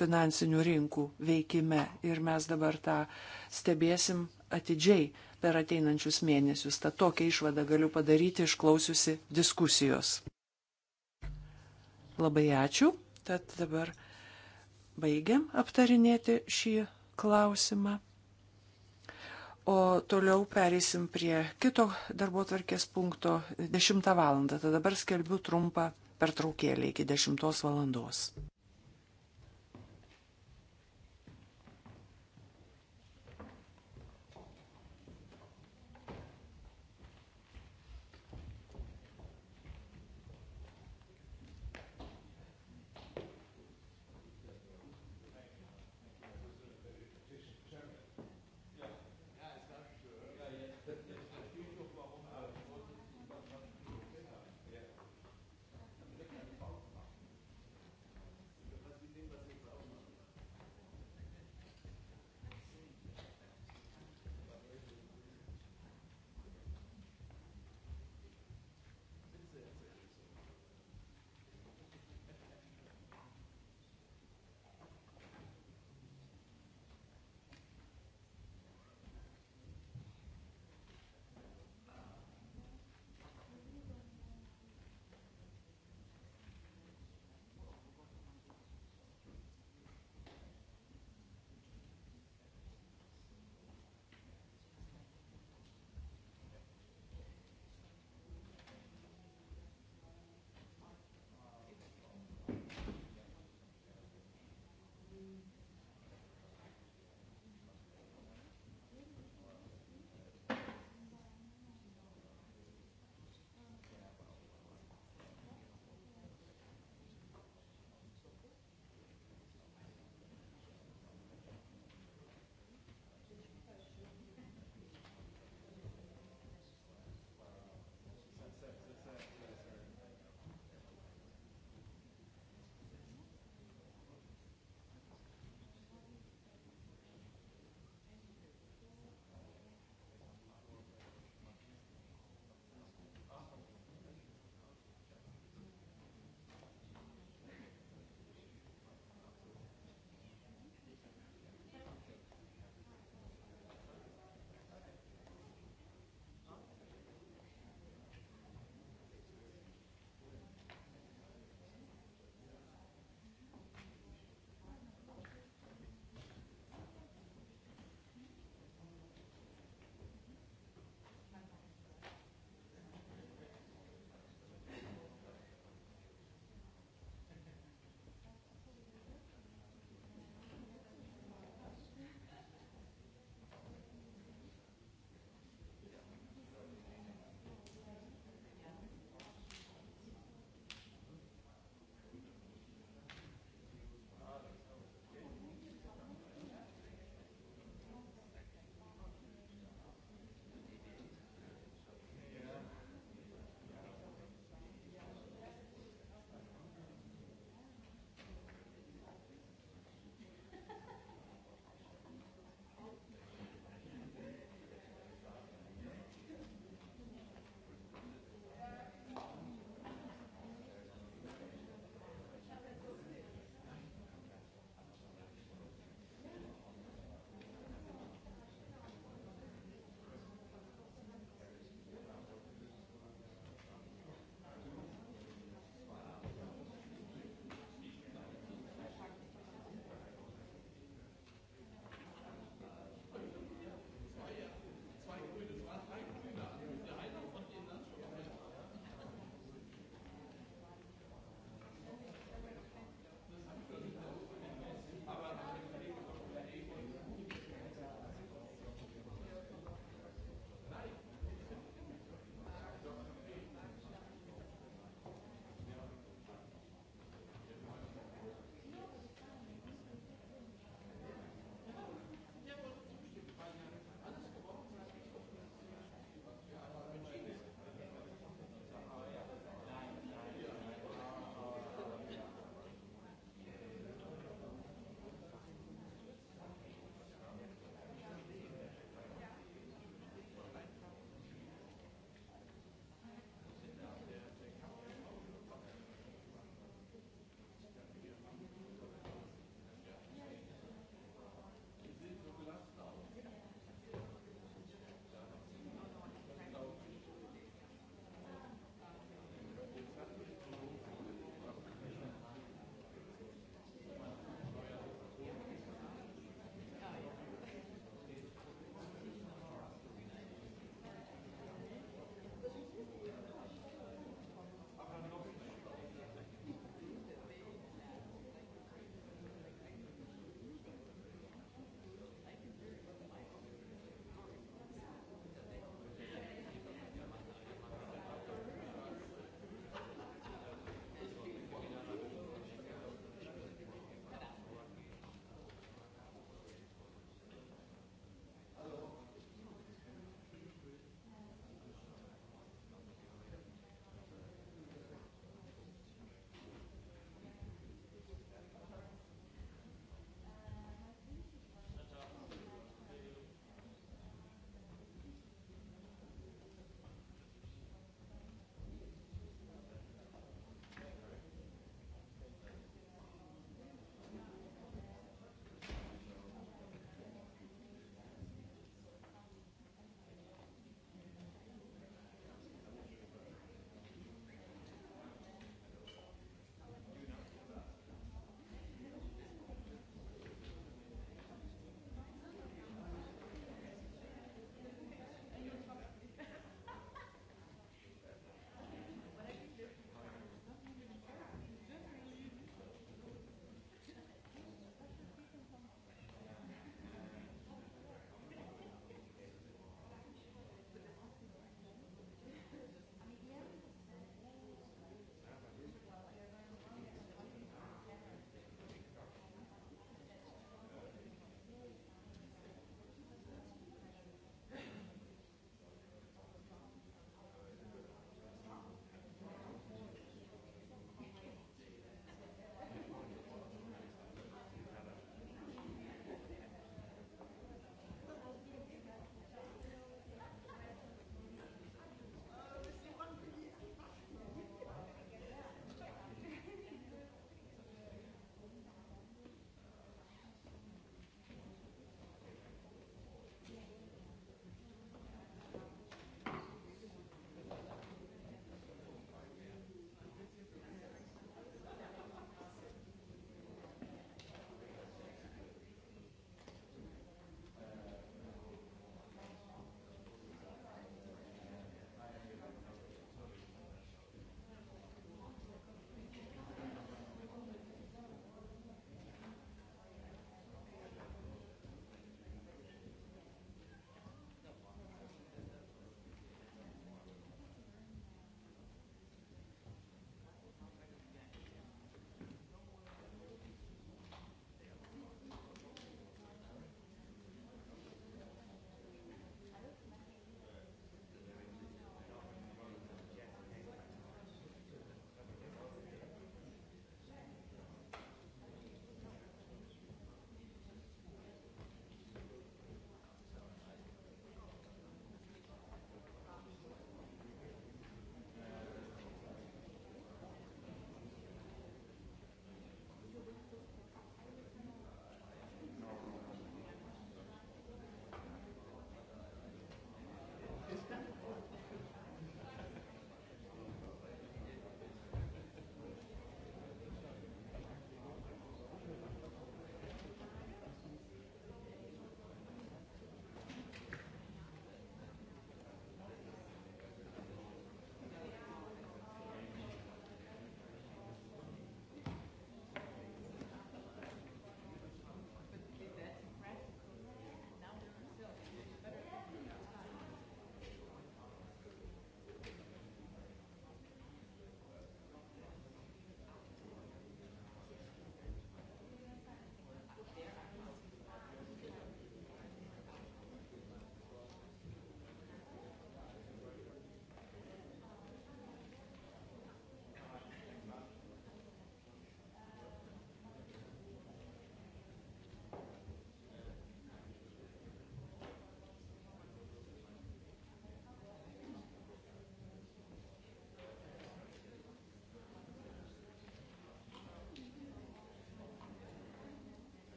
finansinių rinkų veikime ir mes dabar tą stebėsim atidžiai per ateinančius mėnesius. Tad tokią išvadą galiu padaryti išklausiusi diskusijos. Labai ačiū. Tad dabar baigiam aptarinėti šį klausimą. O toliau pereisim prie kito darbo tvarkės punkto 10 val. Tad dabar skelbiu trumpą pertraukėlį iki 10 val.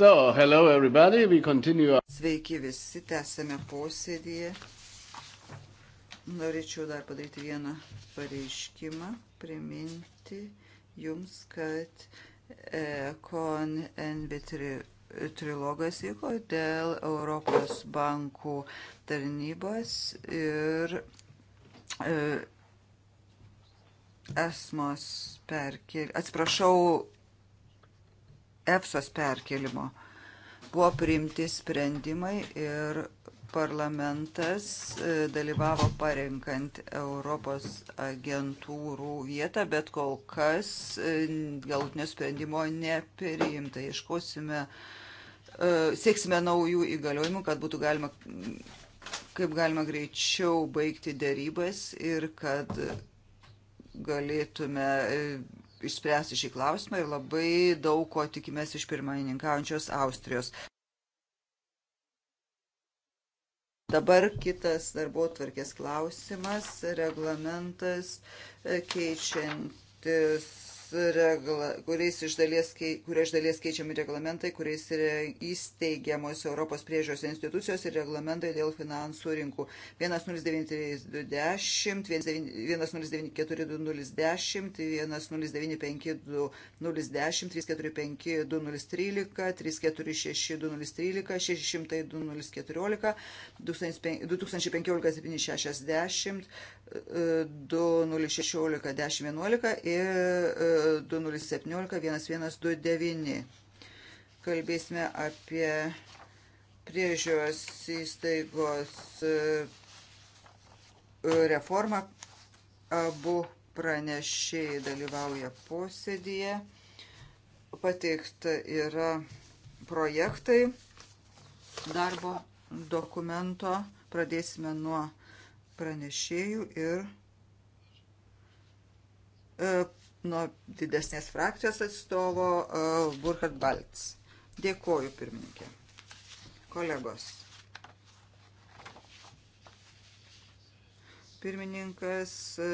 So, hello everybody, we continue. Sveiki visi, tęsėme posėdėje. Norėčiau dar padaryti vieną pareiškimą, priminti jums, kad Kon e, NB trilogas vyko dėl Europos bankų tarnybos ir e, esmos perkel... Atsiprašau, EPSOS perkelimo. Buvo priimti sprendimai ir parlamentas e, dalyvavo parenkant Europos agentūrų vietą, bet kol kas e, galutinio sprendimo nepriimta. Ieškosime, e, sieksime naujų įgaliojimų, kad būtų galima kaip galima greičiau baigti dėrybas ir kad galėtume išspręsti šį klausimą ir labai daug ko tikimės iš pirmininkaujančios Austrijos. Dabar kitas darbo tvarkės klausimas, reglamentas e, keičiantis regla, kuriais iš dalies, kurie iš dalies keičiami reglamentai, kuriais įsteigiamos Europos priežiūros institucijos ir reglamentai dėl finansų rinkų. 109320, 109420, 10952010, 3452013, 3462013, 6002014, 2015 760, 2016-1011 ir 2017-1129. E, Kalbėsime apie priežiūros įstaigos e, reformą. Abu pranešėjai dalyvauja posėdėje. Pateikta yra projektai darbo dokumento. Pradėsime nuo pranešėjų ir e, nuo didesnės frakcijos atstovo e, Burkhard Balts. Dėkoju, pirmininkė. Kolegos. Pirmininkas e,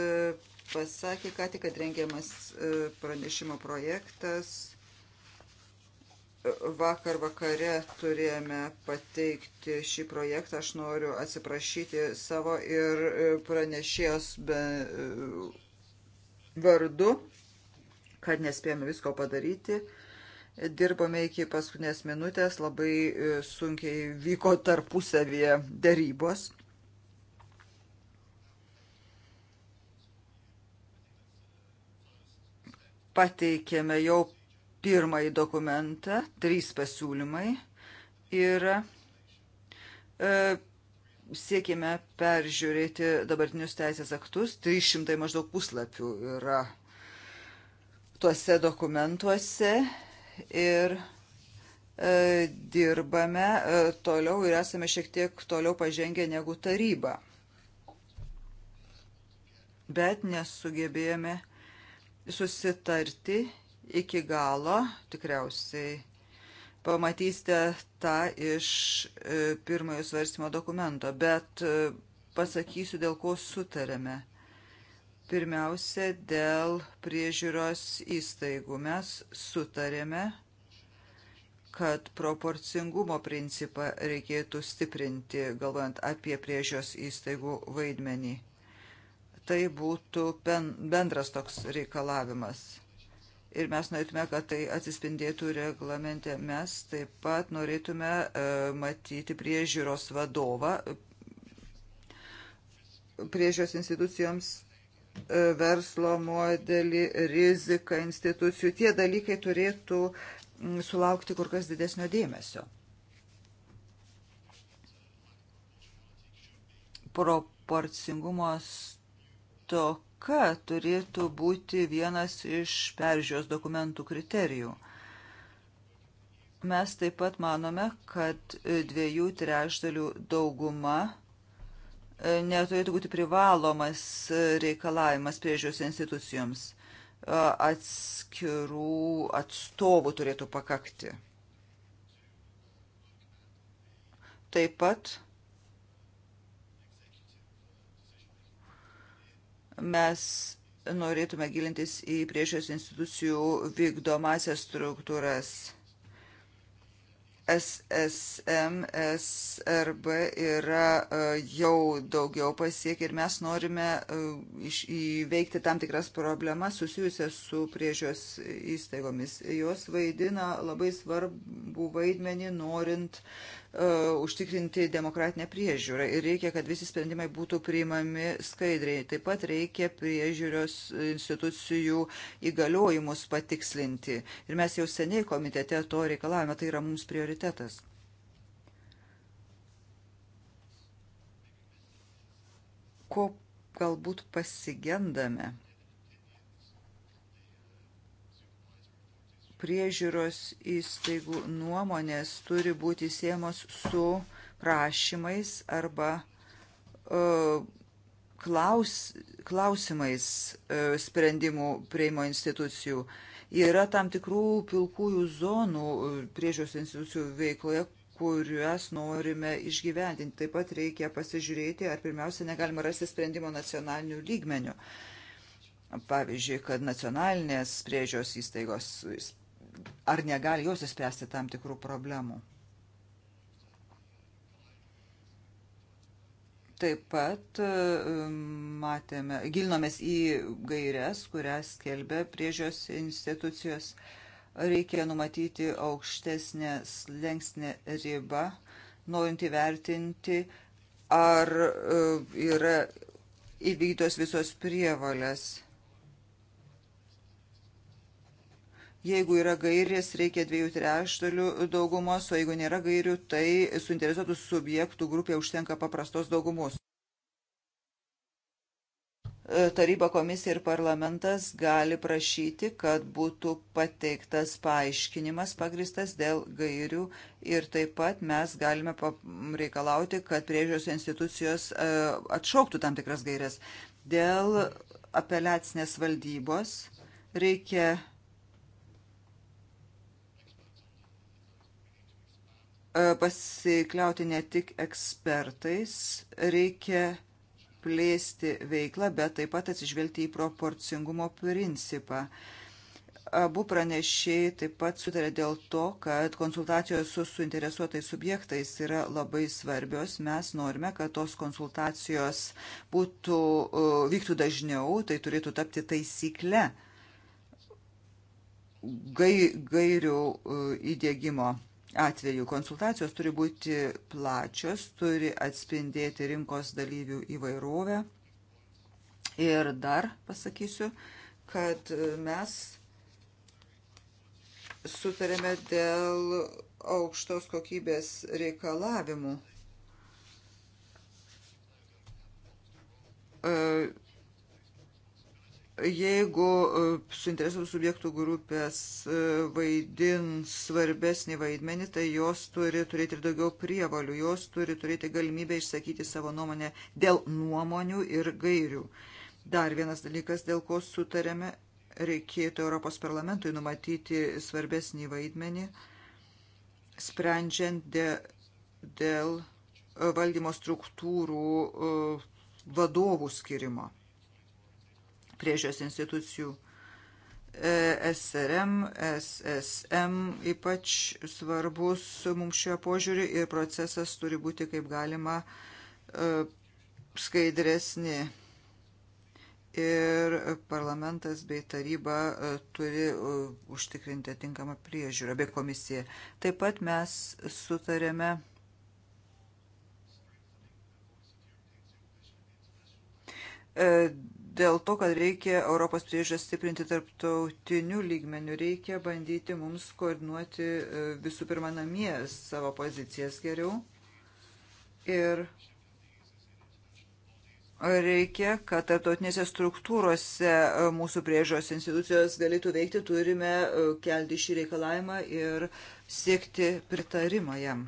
pasakė, ką tik, kad rengiamas e, pranešimo projektas vakar vakare turėjome pateikti šį projektą. Aš noriu atsiprašyti savo ir e, pranešėjos be e, vardu, kad nespėjome visko padaryti. Dirbome iki paskutinės minutės, labai e, sunkiai vyko tarpusavėje darybos. Pateikėme jau pirmąjį dokumentą, trys pasiūlymai ir e, siekime peržiūrėti dabartinius teisės aktus. 300 maždaug puslapių yra tuose dokumentuose ir e, dirbame e, toliau ir esame šiek tiek toliau pažengę negu taryba. Bet nesugebėjome susitarti iki galo, tikriausiai pamatysite tą iš e, pirmojo svarstymo dokumento, bet e, pasakysiu, dėl ko sutarėme. Pirmiausia, dėl priežiūros įstaigų mes sutarėme, kad proporcingumo principą reikėtų stiprinti, galvojant apie priežiūros įstaigų vaidmenį. Tai būtų bendras toks reikalavimas ir mes norėtume, kad tai atsispindėtų reglamente. Mes taip pat norėtume e, matyti priežiūros vadovą priežiūros institucijoms e, verslo modelį, riziką institucijų. Tie dalykai turėtų sulaukti kur kas didesnio dėmesio. Proporcingumas toks tvarka turėtų būti vienas iš peržiūros dokumentų kriterijų. Mes taip pat manome, kad dviejų trešdalių dauguma e, neturėtų būti privalomas reikalavimas priežiūros institucijoms. E, atskirų atstovų turėtų pakakti. Taip pat Mes norėtume gilintis į priešios institucijų vykdomasias struktūras. SSM, SRB yra e, jau daugiau pasiekę ir mes norime e, įveikti tam tikras problemas susijusias su priežios įstaigomis. Jos vaidina labai svarbu vaidmenį norint E, užtikrinti demokratinę priežiūrą ir reikia, kad visi sprendimai būtų priimami skaidriai. Taip pat reikia priežiūros institucijų įgaliojimus patikslinti. Ir mes jau seniai komitete to reikalavome, tai yra mums prioritetas. Ko galbūt pasigendame? priežiūros įstaigų nuomonės turi būti siemos su prašymais arba uh, klaus, klausimais uh, sprendimų prieimo institucijų. Yra tam tikrų pilkųjų zonų e, priežiūros institucijų veikloje, kurias norime išgyvendinti. Taip pat reikia pasižiūrėti, ar pirmiausia negalima rasti sprendimo nacionalinių lygmenių. Pavyzdžiui, kad nacionalinės priežios įstaigos ar negali jos įspręsti tam tikrų problemų. Taip pat e, matėme, gilinomės į gairias, kurias skelbia priežios institucijos. Reikia numatyti aukštesnę slengsnę ribą, norint įvertinti, ar e, yra įvykdytos visos prievalės. Jeigu yra gairės, reikia dviejų trešdalių daugumos, o jeigu nėra gairių, tai suinteresuotų subjektų grupė užtenka paprastos daugumos e, taryba komisija ir parlamentas gali prašyti, kad būtų pateiktas paaiškinimas pagristas dėl gairių ir taip pat mes galime reikalauti, kad priežiūros institucijos e, atšauktų tam tikras gairias. Dėl apeliacinės valdybos reikia E, pasikliauti ne tik ekspertais, reikia plėsti veiklą, bet taip pat atsižvelgti į proporcingumo principą. Abu pranešiai taip pat sutarė dėl to, kad konsultacijos su suinteresuotais subjektais yra labai svarbios. Mes norime, kad tos konsultacijos būtų, e, vyktų dažniau, tai turėtų tapti taisykle gai, gairių e, įdėgymo atveju. Konsultacijos turi būti plačios, turi atspindėti rinkos dalyvių įvairovę. Ir dar pasakysiu, kad mes sutarėme dėl aukštos kokybės reikalavimų. Jeigu e, suinteresuotų subjektų grupės e, vaidins svarbesnį vaidmenį, tai jos turi turėti ir daugiau prievalių, jos turi turėti galimybę išsakyti savo nuomonę dėl nuomonių ir gairių. Dar vienas dalykas, dėl ko sutarėme, reikėtų Europos parlamentui numatyti svarbesnį vaidmenį, sprendžiant de, dėl valdymo struktūrų e, vadovų skirimo priežios institucijų. E, SRM, SSM ypač svarbus mums šio požiūrį ir procesas turi būti kaip galima e, skaidresni. Ir parlamentas bei taryba e, turi užtikrinti atinkamą priežiūrą bei komisiją. Taip pat mes sutarėme dėl to, kad reikia Europos priežas stiprinti tarptautiniu lygmeniu, reikia bandyti mums koordinuoti e, visų pirma namie savo pozicijas geriau. Ir reikia, kad tarptautinėse struktūrose e, mūsų priežos institucijos galėtų veikti, turime e, kelti šį reikalavimą ir siekti pritarimą jam.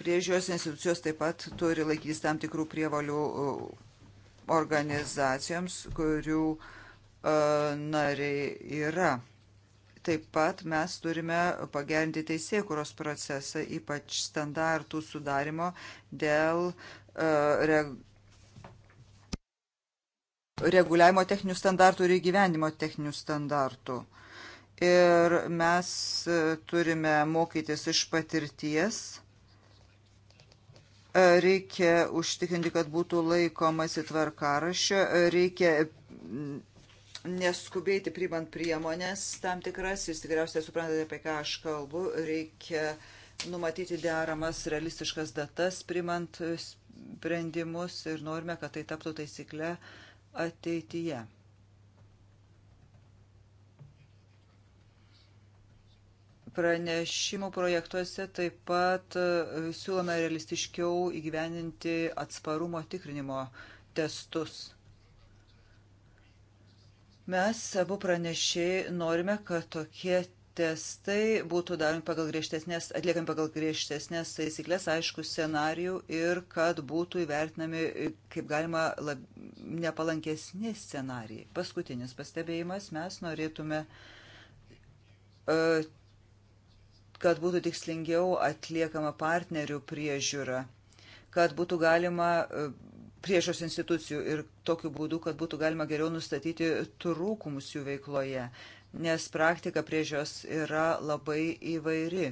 Priežios institucijos taip pat turi laikytis tam tikrų prievalių organizacijoms, kurių e, nariai yra. Taip pat mes turime pagerinti teisėkuros procesą, ypač standartų sudarimo dėl e, reguliavimo techninių standartų ir įgyvendimo techninių standartų. Ir mes e, turime mokytis iš patirties reikia užtikrinti, kad būtų laikomasi tvarkarašio, reikia mm, neskubėti priimant priemonės tam tikras, jūs tikriausiai suprantate, apie ką aš kalbu, reikia numatyti deramas realistiškas datas priimant sprendimus ir norime, kad tai taptų taisykle ateityje. Pranešimų projektuose taip pat e, siūlome realistiškiau įgyveninti atsparumo tikrinimo testus. Mes abu pranešiai norime, kad tokie testai būtų daromi pagal griežtesnės, atliekami pagal griežtesnės taisyklės, aišku, scenarijų ir kad būtų įvertinami kaip galima lab, nepalankesni scenarijai. Paskutinis pastebėjimas, mes norėtume uh, kad būtų tikslingiau atliekama partnerių priežiūra, kad būtų galima e, priežos institucijų ir tokiu būdu, kad būtų galima geriau nustatyti trūkumus jų veikloje, nes praktika priežios yra labai įvairi.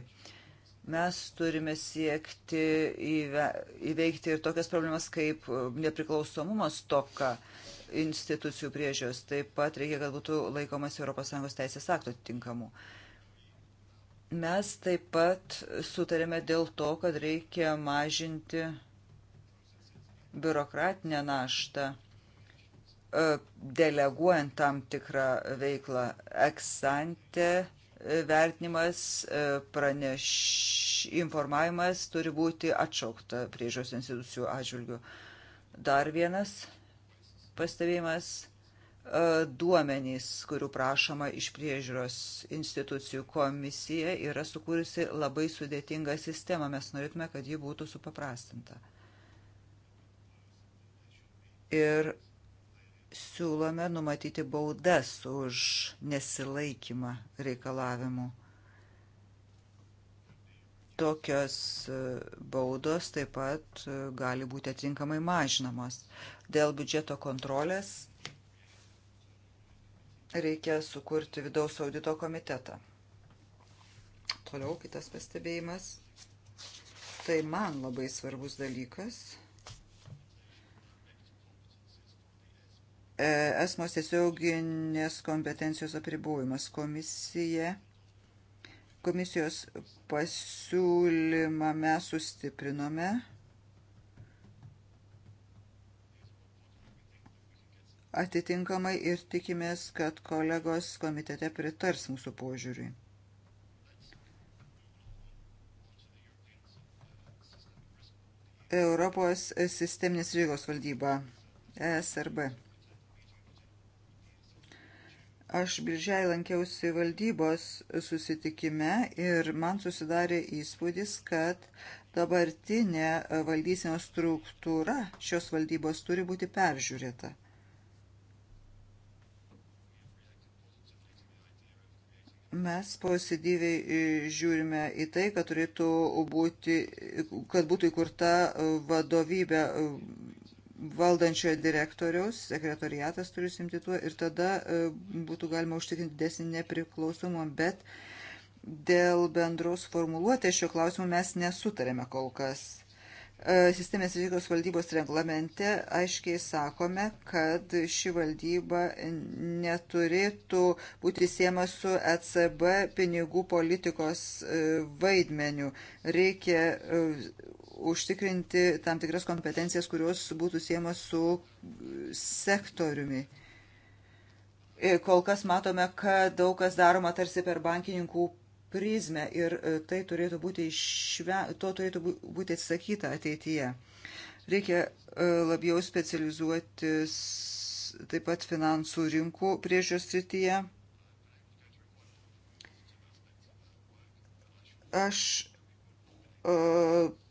Mes turime siekti įve, įveikti ir tokias problemas kaip e, nepriklausomumas toka institucijų priežios. Taip pat reikia, kad būtų laikomas ES teisės akto tinkamų. Uh, Mes taip pat sutarėme dėl to, kad reikia mažinti biurokratinę naštą, e, deleguojant tam tikrą veiklą. Eksante vertinimas, e, praneš, informavimas turi būti atšaukta priežos institucijų atžvilgių. Dar vienas pastebėjimas E, duomenys, kurių prašoma iš priežiūros institucijų komisija, yra sukūrusi labai sudėtingą sistemą. Mes norėtume, kad ji būtų supaprastinta. Ir siūlome numatyti baudas už nesilaikymą reikalavimų. Tokios e, baudos taip pat e, gali būti atinkamai mažinamos. Dėl biudžeto kontrolės reikia sukurti vidaus audito komitetą. Toliau kitas pastebėjimas. Tai man labai svarbus dalykas. E, esmos tiesioginės kompetencijos apribojimas. Komisija, komisijos pasiūlymą mes sustiprinome atitinkamai ir tikimės, kad kolegos komitete pritars mūsų požiūriui. Europos sisteminės lygos valdyba, ESRB. Aš birželį lankiausi valdybos susitikime ir man susidarė įspūdis, kad dabartinė valdysenos struktūra šios valdybos turi būti peržiūrėta. Mes pozityviai e, žiūrime į tai, kad turėtų būti, kad būtų įkurta e, vadovybė e, valdančiojo direktoriaus, sekretariatas turi simti tuo ir tada būtų galima užtikrinti desnį nepriklausomą, bet dėl bendros formuluotės šio klausimu mes nesutarėme kol kas. E, Sistemės rizikos valdybos reglamente aiškiai sakome, kad ši valdyba neturėtų būti siema su ECB pinigų politikos e, vaidmeniu. Reikia e, užtikrinti tam tikras kompetencijas, kurios būtų siema su sektoriumi. Kol kas matome, kad daug kas daroma tarsi per bankininkų prizmę ir e, tai turėtų būti išve, to turėtų būti atsakyta ateityje. Reikia e, labiau specializuotis taip pat finansų rinkų priežios srityje. Aš e,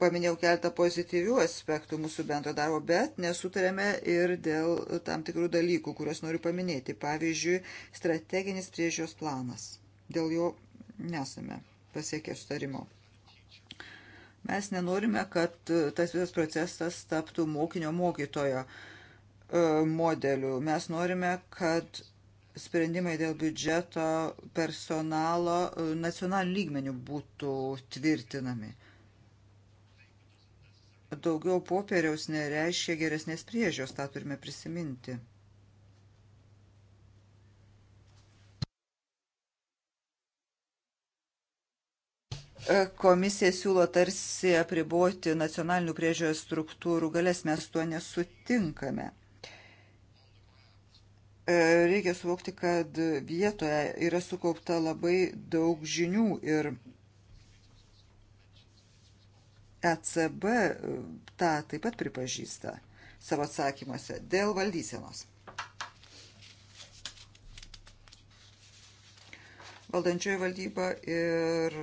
paminėjau keletą pozityvių aspektų mūsų bendro darbo, bet nesutarėme ir dėl tam tikrų dalykų, kuriuos noriu paminėti. Pavyzdžiui, strateginis priežios planas. Dėl jo nesame pasiekę sutarimo. Mes nenorime, kad e, tas visas procesas taptų mokinio mokytojo e, modeliu. Mes norime, kad sprendimai dėl biudžeto personalo e, nacionalinių lygmenių būtų tvirtinami. Daugiau popieriaus nereiškia geresnės priežios, tą turime prisiminti. Komisija siūlo tarsi apriboti nacionalinių priežiūros struktūrų galės, mes tuo nesutinkame. E, reikia suvokti, kad vietoje yra sukaupta labai daug žinių ir ECB tą taip pat pripažįsta savo atsakymuose dėl valdysenos. Valdančioji valdyba ir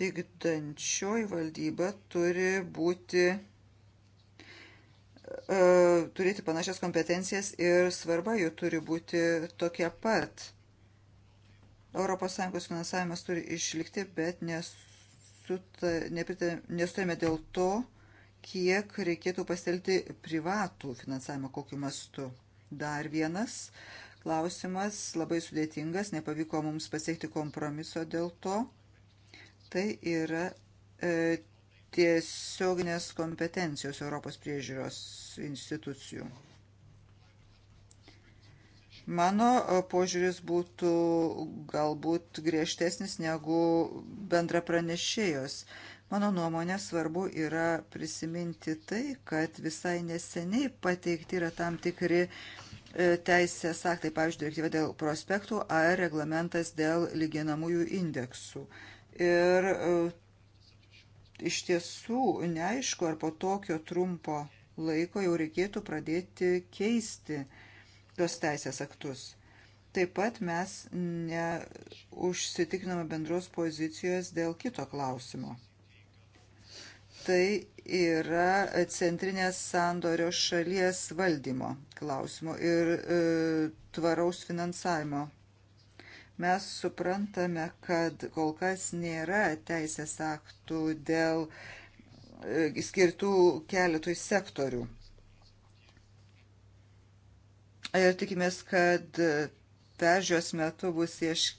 Vykdančioji valdyba turi būti e, turėti panašias kompetencijas ir svarba jų turi būti tokia pat. ES finansavimas turi išlikti, bet nesutarėme dėl to, kiek reikėtų pastelti privatų finansavimą, kokiu mastu. Dar vienas klausimas, labai sudėtingas, nepavyko mums pasiekti kompromiso dėl to. Tai yra e, tiesioginės kompetencijos Europos priežiūros institucijų. Mano e, požiūris būtų galbūt griežtesnis negu bendra pranešėjos. Mano nuomonė svarbu yra prisiminti tai, kad visai neseniai pateikti yra tam tikri e, teisės aktai, pavyzdžiui, direktyva dėl prospektų ar reglamentas dėl lyginamųjų indeksų. Ir e, iš tiesų neaišku, ar po tokio trumpo laiko jau reikėtų pradėti keisti tos teisės aktus. Taip pat mes neužsitikriname bendros pozicijos dėl kito klausimo. Tai yra centrinės sandorio šalies valdymo klausimo ir e, tvaraus finansavimo Mes suprantame, kad kol kas nėra teisės aktų dėl e, skirtų keletui sektorių. Ir tikimės, kad peržios metu bus ieškinti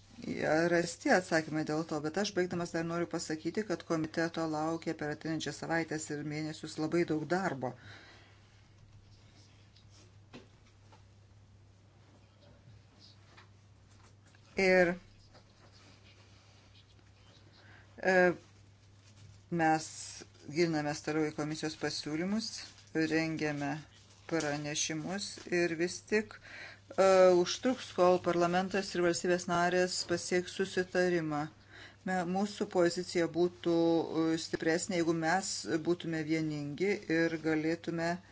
rasti atsakymai dėl to, bet aš baigdamas dar noriu pasakyti, kad komiteto laukia per atinančią savaitęs ir mėnesius labai daug darbo. Ir e, mes gilinamės toliau į komisijos pasiūlymus, rengiame pranešimus ir vis tik uh, užtruks, kol parlamentas ir valstybės narės pasieks susitarimą. Me, mūsų pozicija būtų e, stipresnė, jeigu mes būtume vieningi ir galėtume uh,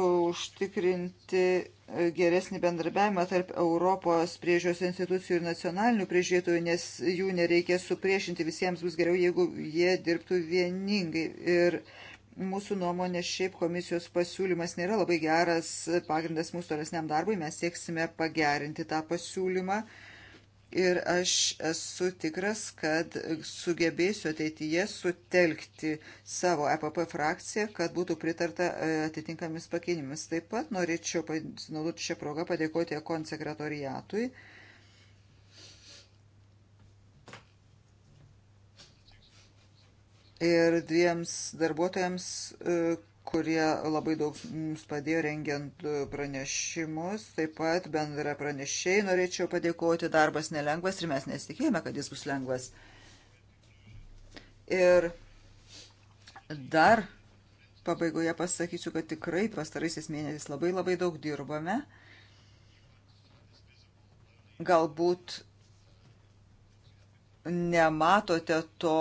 užtikrinti geresnį bendrabiavimą tarp Europos priežiūros institucijų ir nacionalinių priežiūrėtojų, nes jų nereikia supriešinti, visiems bus geriau, jeigu jie dirbtų vieningai. Ir mūsų nuomonė šiaip komisijos pasiūlymas nėra labai geras pagrindas mūsų tolesniam darbui, mes sieksime pagerinti tą pasiūlymą. Uh, ir aš esu tikras, kad sugebėsiu ateityje sutelkti savo EPP frakciją, kad būtų pritarta e, atitinkamis pakeinimis. Taip pat norėčiau pasinaudoti šią progą padėkoti Ekon sekretoriatui. Ir dviems darbuotojams, e, kurie labai daug mums padėjo rengiant e, pranešimus. Taip pat bendra pranešiai norėčiau padėkoti. Darbas nelengvas ir mes nesitikėjome, kad jis bus lengvas. Ir dar pabaigoje pasakysiu, kad tikrai pastaraisiais mėnesiais labai labai daug dirbame. Galbūt nematote to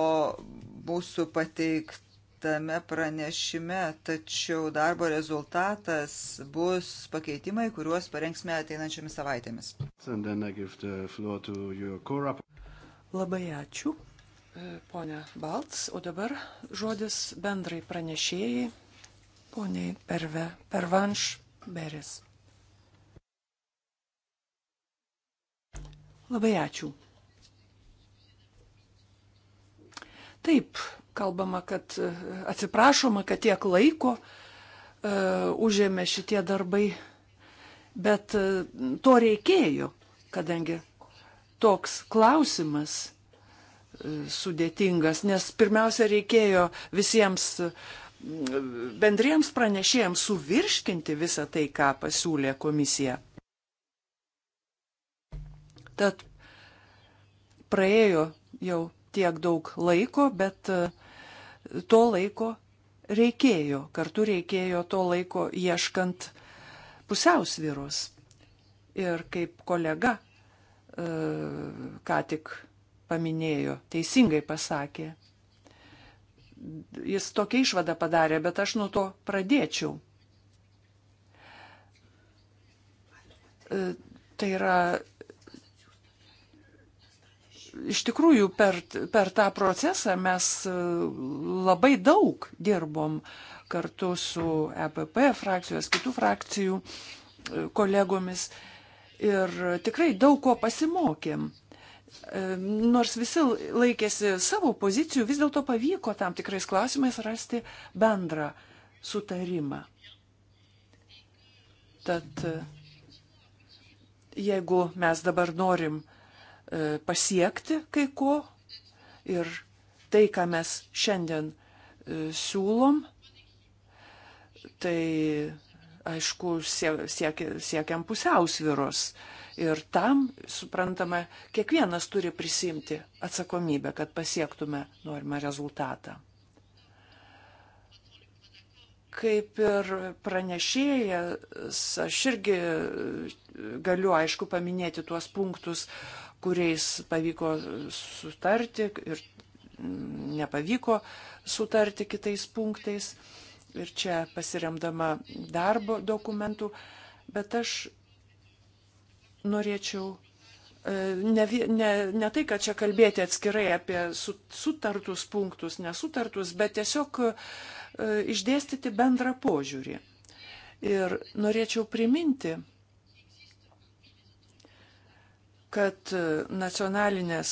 mūsų pateikt tame pranešime, tačiau darbo rezultatas bus pakeitimai, kuriuos parengsime ateinančiomis savaitėmis. Labai ačiū, e, ponia Balts. O dabar žodis bendrai pranešėjai, poniai Perve, Pervanš Beris. Labai ačiū. Taip, kalbama, kad e, atsiprašoma, kad tiek laiko uh, užėmė šitie darbai, bet uh, to reikėjo, kadangi toks klausimas uh, sudėtingas, nes pirmiausia reikėjo visiems bendriems pranešėjams suvirškinti visą tai, ką pasiūlė komisija. Tad praėjo jau tiek daug laiko, bet uh, to laiko reikėjo, kartu reikėjo to laiko ieškant pusiausviros. Ir kaip kolega e, ką tik paminėjo, teisingai pasakė. Jis tokia išvada padarė, bet aš nuo to pradėčiau. E, tai yra iš tikrųjų per, per tą procesą mes e, labai daug dirbom kartu su EPP frakcijos, kitų frakcijų e, kolegomis ir tikrai daug ko pasimokėm. E, nors visi laikėsi savo pozicijų, vis dėlto pavyko tam tikrais klausimais rasti bendrą sutarimą. Tad jeigu mes dabar norim uh, E, pasiekti kai ko ir tai, ką mes šiandien e, siūlom, tai aišku siekia, siekiam pusiausviros. Ir tam, suprantame, kiekvienas turi prisimti atsakomybę, kad pasiektume norimą rezultatą. Kaip ir pranešėjas, aš irgi galiu, aišku, paminėti tuos punktus, kuriais pavyko sutarti ir nepavyko sutarti kitais punktais. Ir čia pasiremdama darbo dokumentų, bet aš norėčiau e, ne, ne, ne tai, kad čia kalbėti atskirai apie sutartus punktus, nesutartus, bet tiesiog e, išdėstyti bendrą požiūrį. Ir norėčiau priminti, kad nacionalinės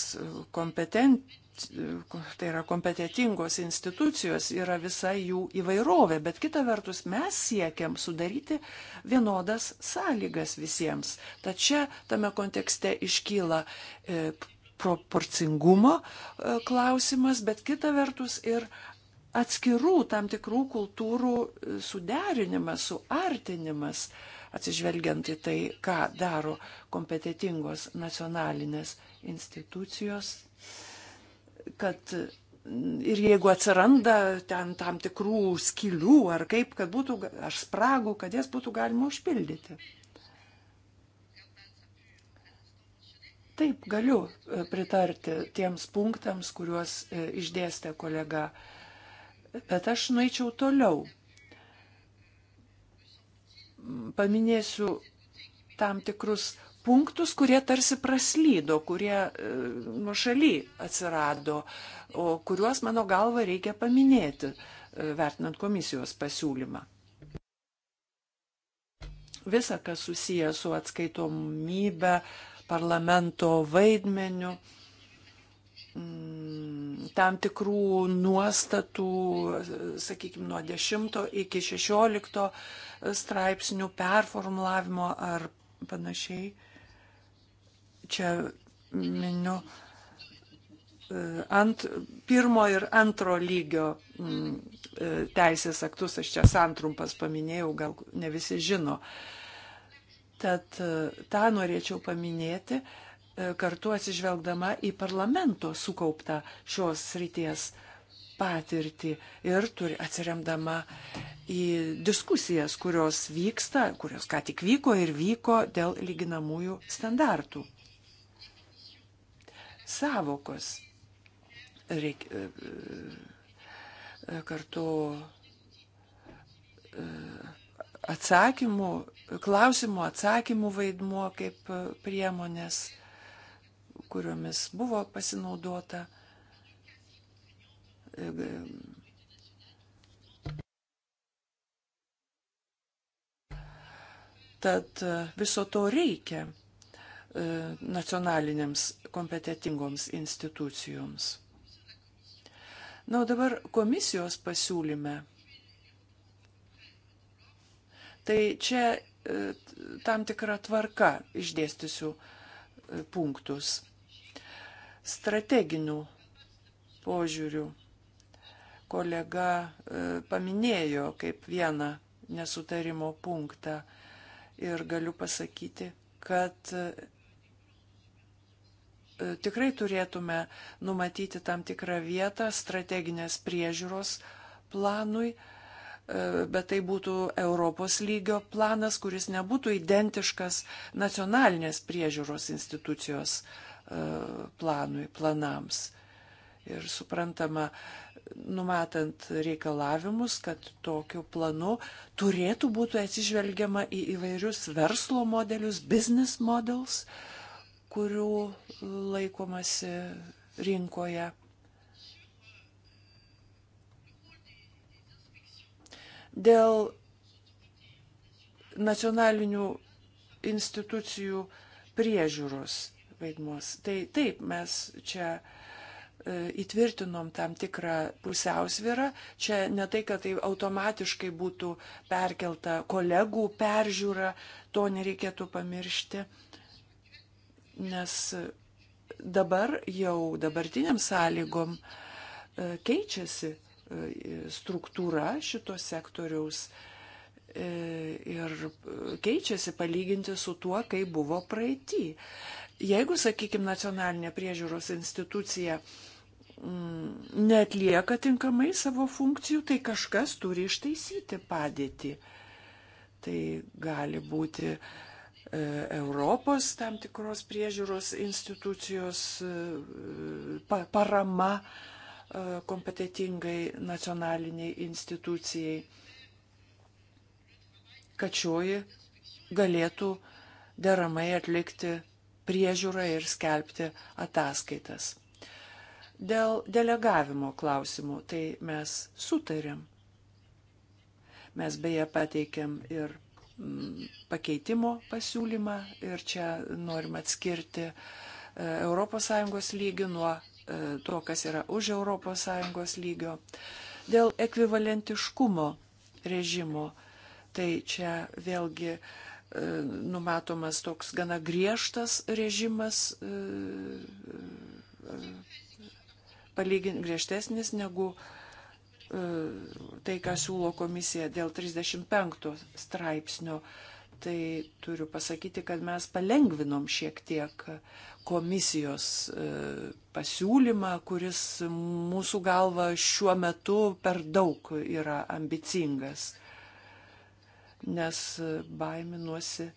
kompetencijos tai yra kompetitingos institucijos, yra visa jų įvairovė, bet kita vertus mes siekiam sudaryti vienodas sąlygas visiems. Tačiau tame kontekste iškyla e, proporcingumo e, klausimas, bet kita vertus ir atskirų tam tikrų kultūrų e, suderinimas, suartinimas atsižvelgiant į tai, ką daro kompetitingos nacionalinės institucijos, kad ir jeigu atsiranda ten tam tikrų skilių ar kaip, kad būtų, ar spragų, kad jas būtų galima užpildyti. Taip, galiu e, pritarti tiems punktams, kuriuos e, išdėstė kolega, bet aš nueičiau toliau paminėsiu tam tikrus punktus, kurie tarsi praslydo, kurie e, nuo šaly atsirado, o kuriuos, mano galva, reikia paminėti, e, vertinant komisijos pasiūlymą. Visa, kas susiję su atskaitomybe, parlamento vaidmeniu, Mm, tam tikrų nuostatų, sakykime, nuo 10 iki 16 straipsnių performulavimo ar panašiai. Čia miniu e, ant pirmo ir antro lygio mm, e, teisės aktus, aš čia santrumpas paminėjau, gal ne visi žino. Tad e, tą norėčiau paminėti kartu atsižvelgdama į parlamento sukauptą šios ryties patirtį ir turi atsiremdama į diskusijas, kurios vyksta, kurios ką tik vyko ir vyko dėl lyginamųjų standartų. Savokos reik, e, e, kartu e, atsakymų, klausimų atsakymų vaidmuo kaip priemonės kuriomis buvo pasinaudota. Tad viso to reikia e, nacionalinėms kompetitingoms institucijoms. Na, o dabar komisijos pasiūlyme. Tai čia e, tam tikrą tvarką išdėstysiu e, punktus strateginių požiūrių. Kolega e, paminėjo kaip vieną nesutarimo punktą ir galiu pasakyti, kad e, tikrai turėtume numatyti tam tikrą vietą strateginės priežiūros planui, e, bet tai būtų Europos lygio planas, kuris nebūtų identiškas nacionalinės priežiūros institucijos E, planui, planams. Ir suprantama, numatant reikalavimus, kad tokiu planu turėtų būti atsižvelgiama į įvairius verslo modelius, business models, kurių laikomasi rinkoje. Dėl nacionalinių institucijų priežiūros vaidmus. Tai taip, mes čia e, įtvirtinom tam tikrą pusiausvyrą. Čia ne tai, kad tai automatiškai būtų perkelta kolegų peržiūra, to nereikėtų pamiršti, nes dabar jau dabartiniam sąlygom e, keičiasi e, struktūra šito sektoriaus ir keičiasi palyginti su tuo, kai buvo praeitį. Jeigu, sakykime, nacionalinė priežiūros institucija mm, netlieka tinkamai savo funkcijų, tai kažkas turi ištaisyti padėtį. Tai gali būti e, Europos tam tikros priežiūros institucijos e, parama e, kompetitingai nacionaliniai institucijai, kad šioji galėtų deramai atlikti priežiūrą ir skelbti ataskaitas. Dėl delegavimo klausimų tai mes sutarėm. Mes beje pateikėm ir mm, pakeitimo pasiūlymą ir čia norim atskirti ES lygį nuo e, to, kas yra už ES lygio. Dėl ekvivalentiškumo režimo, tai čia vėlgi uh, E, numatomas toks gana griežtas režimas, e, e, palyginti griežtesnis negu tai, ką siūlo komisija dėl 35 straipsnio. Tai turiu pasakyti, kad mes palengvinom šiek tiek komisijos pasiūlymą, kuris mūsų galva šiuo metu per daug yra ambicingas nes baiminuosi,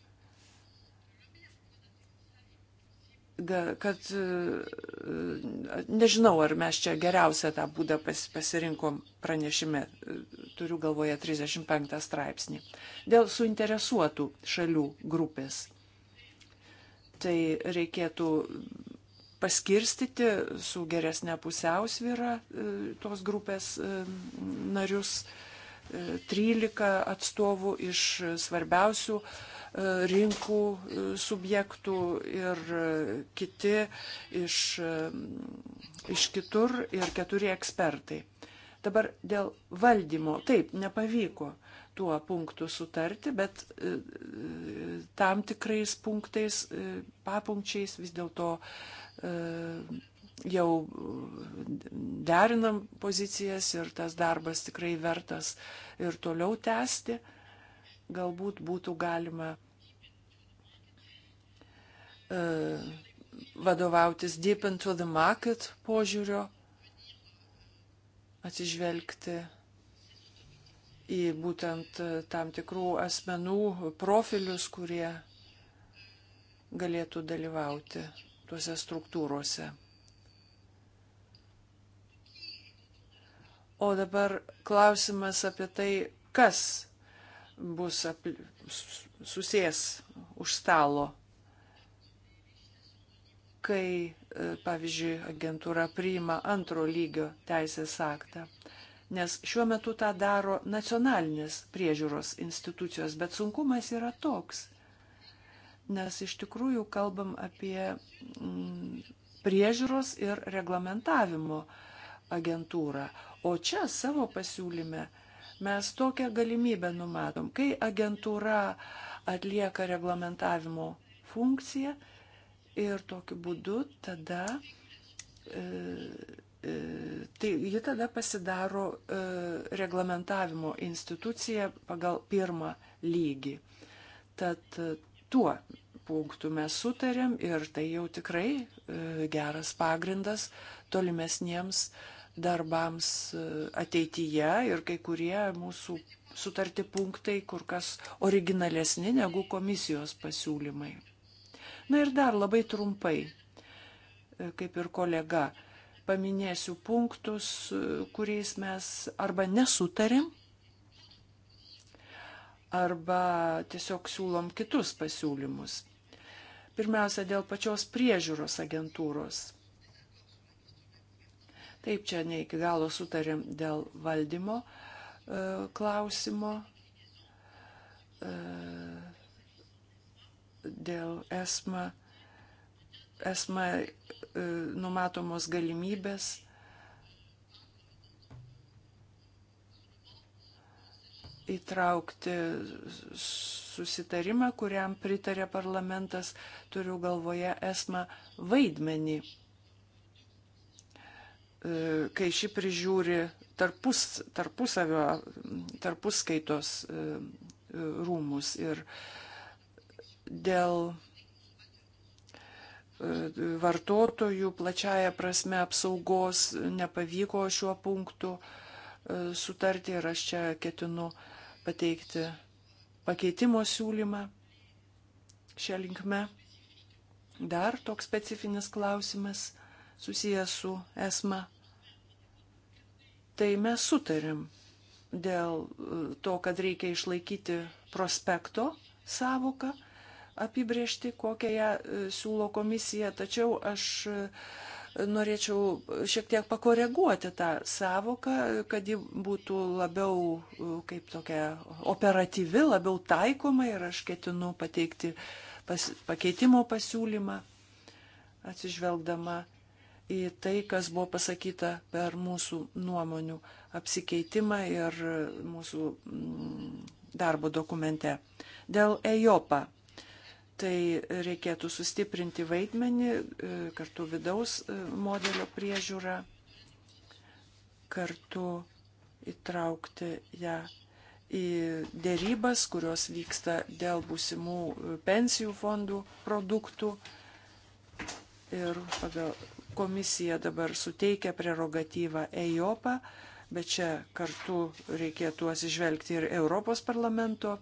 kad e, nežinau, ar mes čia geriausią tą būdą pasirinkom pranešime, e, turiu galvoje 35 straipsnį, dėl suinteresuotų šalių grupės. Tai reikėtų paskirstyti su geresnė pusiausvyra e, tos grupės narius, 13 atstovų iš svarbiausių e, rinkų e, subjektų ir e, kiti iš, iš kitur ir keturi ekspertai. Dabar dėl valdymo. Taip, nepavyko tuo punktu sutarti, bet tam tikrais punktais, papunkčiais vis dėlto jau derinam pozicijas ir tas darbas tikrai vertas ir toliau tęsti. Galbūt būtų galima e, vadovautis deep into the market požiūrio, atsižvelgti į būtent e, tam tikrų asmenų profilius, kurie galėtų dalyvauti tuose struktūrose. O dabar klausimas apie tai, kas bus apli, susės už stalo, kai, e, pavyzdžiui, agentūra priima antro lygio teisės aktą. Nes šiuo metu tą daro nacionalinės priežiūros institucijos, bet sunkumas yra toks. Nes iš tikrųjų kalbam apie mm, priežiūros ir reglamentavimo uh, agentūrą. O čia savo pasiūlyme mes tokią galimybę numatom. Kai agentūra atlieka reglamentavimo funkciją ir tokiu būdu tada, e, e, tai ji tada pasidaro e, reglamentavimo institucija pagal pirmą lygį. Tad e, tuo punktų mes sutarėm ir tai jau tikrai e, geras pagrindas tolimesniems uh, darbams e, ateityje ir kai kurie mūsų sutarti punktai kur kas originalesni negu komisijos pasiūlymai. Na ir dar labai trumpai, e, kaip ir kolega, paminėsiu punktus, e, kuriais mes arba nesutarim, arba tiesiog siūlom kitus pasiūlymus. Pirmiausia, dėl pačios priežiūros agentūros Taip, čia ne iki galo sutarėm dėl valdymo e, klausimo, e, dėl esma, esma e, numatomos galimybės įtraukti susitarimą, kuriam pritarė parlamentas, turiu galvoje esmą vaidmenį E, kai ši prižiūri tarpus, tarpusavio, tarpuskaitos e, e, rūmus ir dėl vartotojų plačiaja prasme apsaugos nepavyko šiuo punktu sutarti ir aš čia ketinu pateikti pakeitimo siūlymą šią linkmę. Dar toks specifinis klausimas susijęs su esma. Tai mes sutarim dėl e, to, kad reikia išlaikyti prospekto savoką, apibriežti, kokią ją e, siūlo komisija, tačiau aš e, norėčiau šiek tiek pakoreguoti tą savoką, kad ji būtų labiau kaip tokia operatyvi, labiau taikoma ir aš ketinu pateikti pas, pakeitimo pasiūlymą, atsižvelgdama į tai, kas buvo pasakyta per mūsų nuomonių apsikeitimą ir mūsų mm, darbo dokumente. Dėl EJOPA tai reikėtų sustiprinti vaidmenį e, kartu vidaus e, modelio priežiūrą, kartu įtraukti ją į dėrybas, kurios vyksta dėl būsimų e, pensijų fondų produktų ir pagal Komisija dabar suteikia prerogatyvą EIOPA, bet čia kartu reikėtų atsižvelgti ir Europos parlamento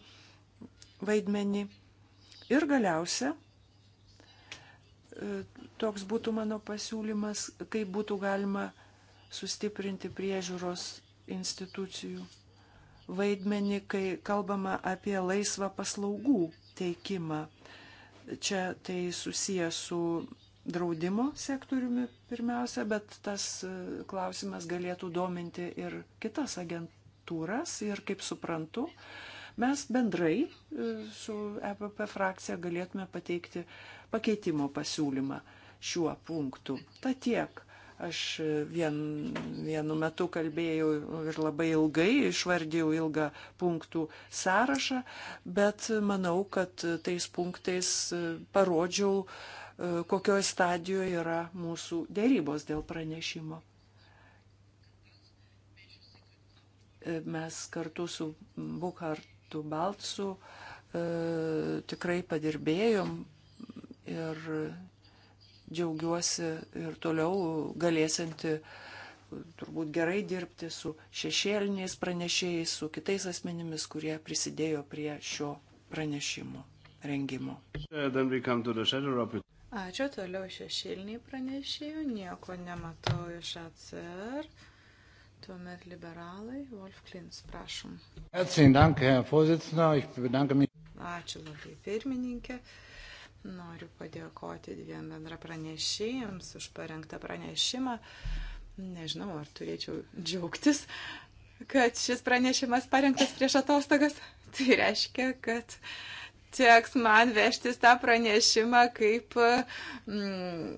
vaidmenį. Ir galiausia, toks būtų mano pasiūlymas, kaip būtų galima sustiprinti priežiūros institucijų vaidmenį, kai kalbama apie laisvą paslaugų teikimą. Čia tai susijęs su draudimo sektoriumi pirmiausia, bet tas e, klausimas galėtų dominti ir kitas agentūras. Ir kaip suprantu, mes bendrai e, su EPP frakcija galėtume pateikti pakeitimo pasiūlymą šiuo punktu. Ta tiek. Aš e, vien, vienu metu kalbėjau ir labai ilgai, išvardėjau ilgą punktų sąrašą, bet manau, kad tais punktais parodžiau, kokioje stadijoje yra mūsų dėrybos dėl pranešimo. Mes kartu su Bukhartu Baltsu e, tikrai padirbėjom ir džiaugiuosi ir toliau galėsinti turbūt gerai dirbti su šešėliniais pranešėjais, su kitais asmenimis, kurie prisidėjo prie šio pranešimo rengimo. Ačiū, toliau šešilniai pranešėjų, nieko nematau iš ACR. Tuomet liberalai, Wolf Klins, prašom. Ačiū labai pirmininkė. Noriu padėkoti dviem bendra pranešėjams už parengtą pranešimą. Nežinau, ar turėčiau džiaugtis, kad šis pranešimas parengtas prieš atostogas. Tai reiškia, kad uh, teks man vežtis tą pranešimą kaip mm,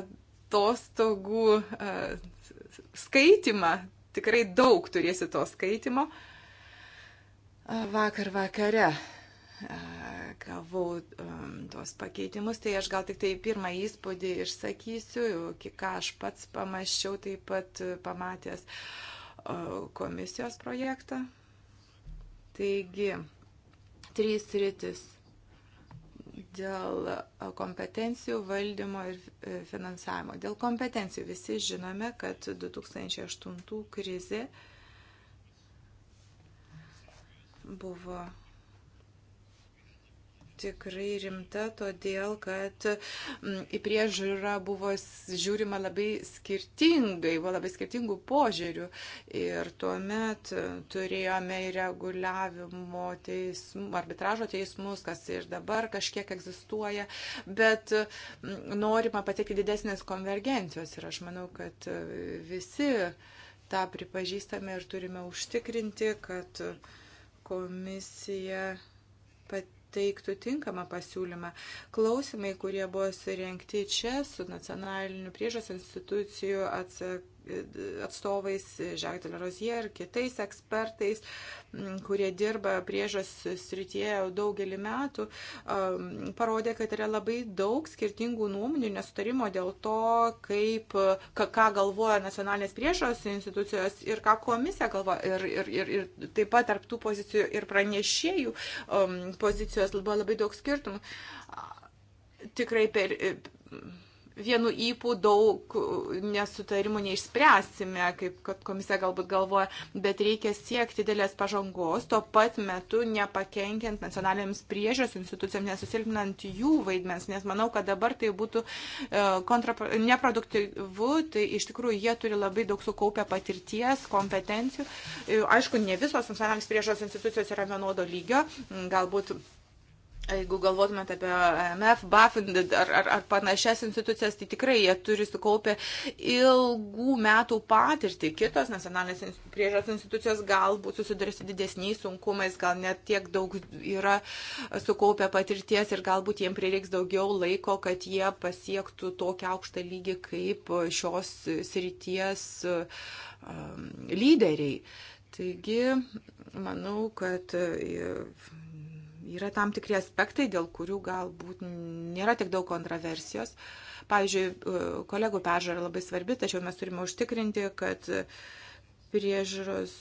atostogų uh, skaitimą. Tikrai daug turėsi to skaitimo. E, vakar vakare e, gavau um, tuos pakeitimus, tai aš gal tik tai pirmą įspūdį išsakysiu, ką aš pats pamaščiau taip pat pamatęs komisijos projektą. Taigi, trys rytis dėl e, kompetencijų valdymo ir e, finansavimo. Dėl kompetencijų visi žinome, kad 2008 krizė buvo tikrai rimta, todėl kad mm, į priežiūrą buvo žiūrima labai skirtingai, buvo labai skirtingų požiūrių. Ir tuomet e, turėjome ir reguliavimo teismų, arbitražo teismus, kas ir dabar kažkiek egzistuoja, bet mm, norima patekti didesnės konvergencijos. Ir aš manau, kad e, visi tą pripažįstame ir turime užtikrinti, kad e, komisija pat pateiktų tinkamą pasiūlymą. Klausimai, kurie buvo surinkti čia su nacionaliniu priežas institucijų atsakymu, atstovais, Žagdė Lerozier ir kitais ekspertais, kurie dirba priežas srityje daugelį metų, parodė, kad yra labai daug skirtingų nuomonių nesutarimo dėl to, kaip, ką galvoja nacionalinės priežos institucijos ir ką komisija galvoja. Ir, ir, ir, ir taip pat tarp tų pozicijų ir pranešėjų pozicijos buvo labai daug skirtumų. Tikrai per vienu įpū daug e, nesutarimų neišspręsime, kaip kad komisija galbūt galvoja, bet reikia siekti didelės pažangos, tuo pat metu nepakenkiant nacionalinėms priežios institucijams, nesusilpinant jų vaidmens, nes manau, kad dabar tai būtų e, kontra, neproduktyvu, tai iš tikrųjų jie turi labai daug sukaupę patirties, kompetencijų. E, aišku, ne visos nacionalinės priežios institucijos yra vienodo lygio, galbūt jeigu galvotumėte apie e, MF, BAF ar, ar, ar panašias institucijas, tai tikrai jie turi sukaupę ilgų metų patirtį. Kitos nacionalinės priežas institucijos galbūt susiduria su didesniais sunkumais, gal net tiek daug yra sukaupę patirties ir galbūt jiems prireiks daugiau laiko, kad jie pasiektų tokį aukštą lygį kaip šios srities um, lyderiai. Taigi, manau, kad uh, yra tam tikri aspektai, dėl kurių galbūt nėra tik daug kontroversijos. Pavyzdžiui, e, kolegų peržiūra labai svarbi, tačiau mes turime užtikrinti, kad priežiūros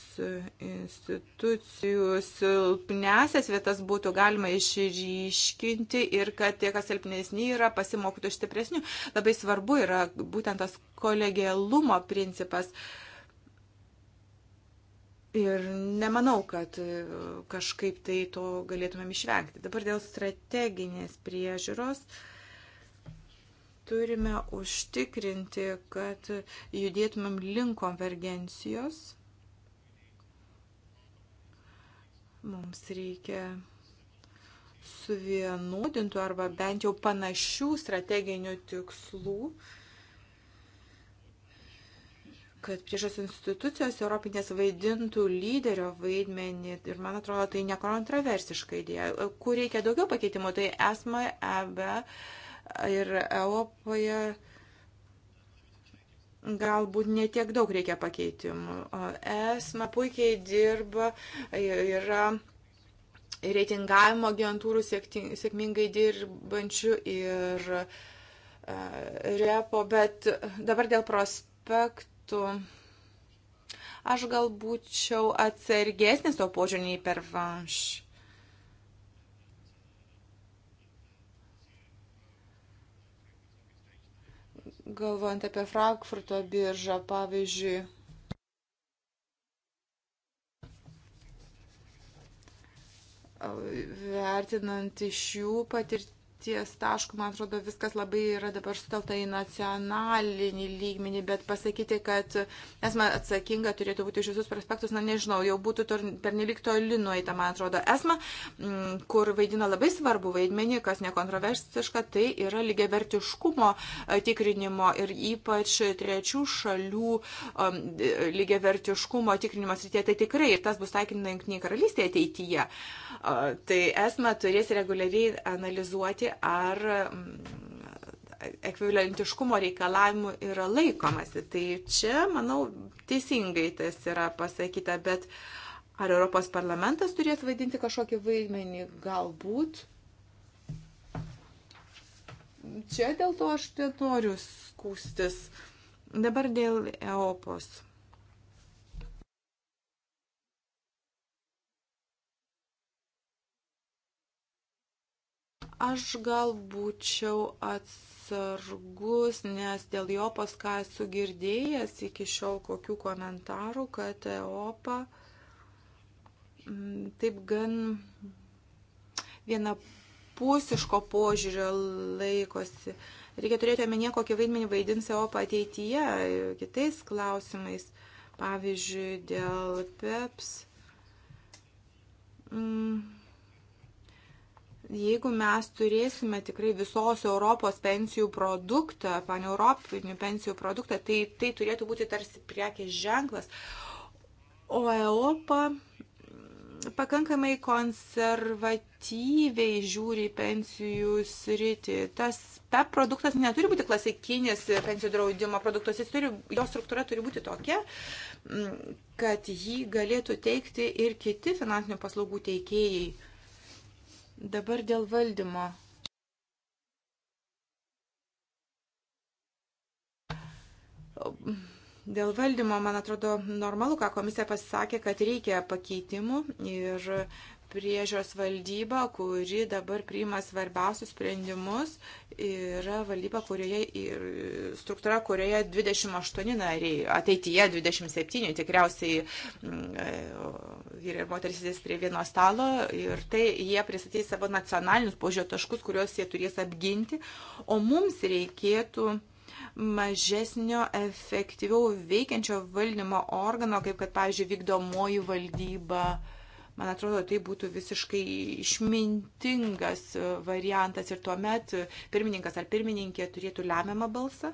institucijų silpnesias vietas būtų galima išryškinti ir kad tie, kas silpnesni yra, pasimokytų iš stipresnių. Labai svarbu yra būtent tas kolegialumo principas. Uh, Ir nemanau, kad e, kažkaip tai to galėtumėm išvengti. Dabar dėl strateginės priežiūros turime užtikrinti, kad judėtumėm link konvergencijos. Mums reikia suvienodintų arba bent jau panašių strateginių tikslų. Uh, kad priežas institucijos europinės vaidintų lyderio vaidmenį ir man atrodo tai nekontroversiška idėja. Kur reikia daugiau pakeitimų, tai esma, EB ir Europoje galbūt netiek daug reikia pakeitimų. Esma puikiai dirba, yra reitingavimo agentūrų sėkmingai dirbančių ir e, repo, bet dabar dėl prospektų metu aš gal būčiau atsargesnis to požiūrį nei per vanš. Galvojant apie Frankfurto biržą, pavyzdžiui, vertinant iš jų patirtį ties tašku, man atrodo, viskas labai yra dabar sutelta į nacionalinį lygmenį, bet pasakyti, kad esame atsakinga turėtų būti už visus prospektus, na nežinau, jau būtų pernelik toli nueita, man atrodo. Esame, mm, kur vaidina labai svarbu vaidmenį, kas nekontroversiška, tai yra lygiavertiškumo e, tikrinimo ir ypač trečių šalių um, lygiavertiškumo tikrinimo srityje. Tai tikrai ir tas bus taikinina Junktinėje karalystėje ateityje. E, tai esame turės reguliariai analizuoti, ar mm, ekvivalentiškumo reikalavimų yra laikomasi. Tai čia, manau, teisingai tas yra pasakyta, bet ar Europos parlamentas turės vaidinti kažkokį vaidmenį? Galbūt. Čia dėl to aš nenoriu skūstis. Dabar dėl Europos. Aš gal būčiau atsargus, nes dėl Jopas, ką esu girdėjęs iki šiol kokių komentarų, kad Europa mm, taip gan vienapusiško požiūrio laikosi. Reikia turėti omenyje, kokį vaidmenį vaidins Europa ateityje, kitais klausimais, pavyzdžiui, dėl PEPS. Mm jeigu mes turėsime tikrai visos Europos pensijų produktą, paneuropinių pensijų produktą, tai tai turėtų būti tarsi prekės ženklas. O Europa pakankamai konservatyviai žiūri pensijų sritį. Tas PEP produktas neturi būti klasikinis pensijų draudimo produktas, jis turi, jo struktūra turi būti tokia, mm, kad jį galėtų teikti ir kiti finansinių paslaugų teikėjai. Dabar dėl valdymo. Dėl valdymo, man atrodo, normalu, ką komisija pasisakė, kad reikia pakeitimų ir uh, priežios valdyba, kuri dabar priima svarbiausius sprendimus, yra valdyba, kurioje ir struktūra, kurioje 28 nariai, ateityje 27 tikriausiai mm, vyrai ir moteris sės prie vieno stalo ir tai jie pristatys savo nacionalinius požiūrio taškus, kuriuos jie turės apginti, o mums reikėtų mažesnio efektyviau veikiančio valdymo organo, kaip kad, pavyzdžiui, vykdomoji valdyba Man atrodo, tai būtų visiškai išmintingas e, variantas ir tuomet e, pirmininkas ar pirmininkė turėtų lemiamą balsą.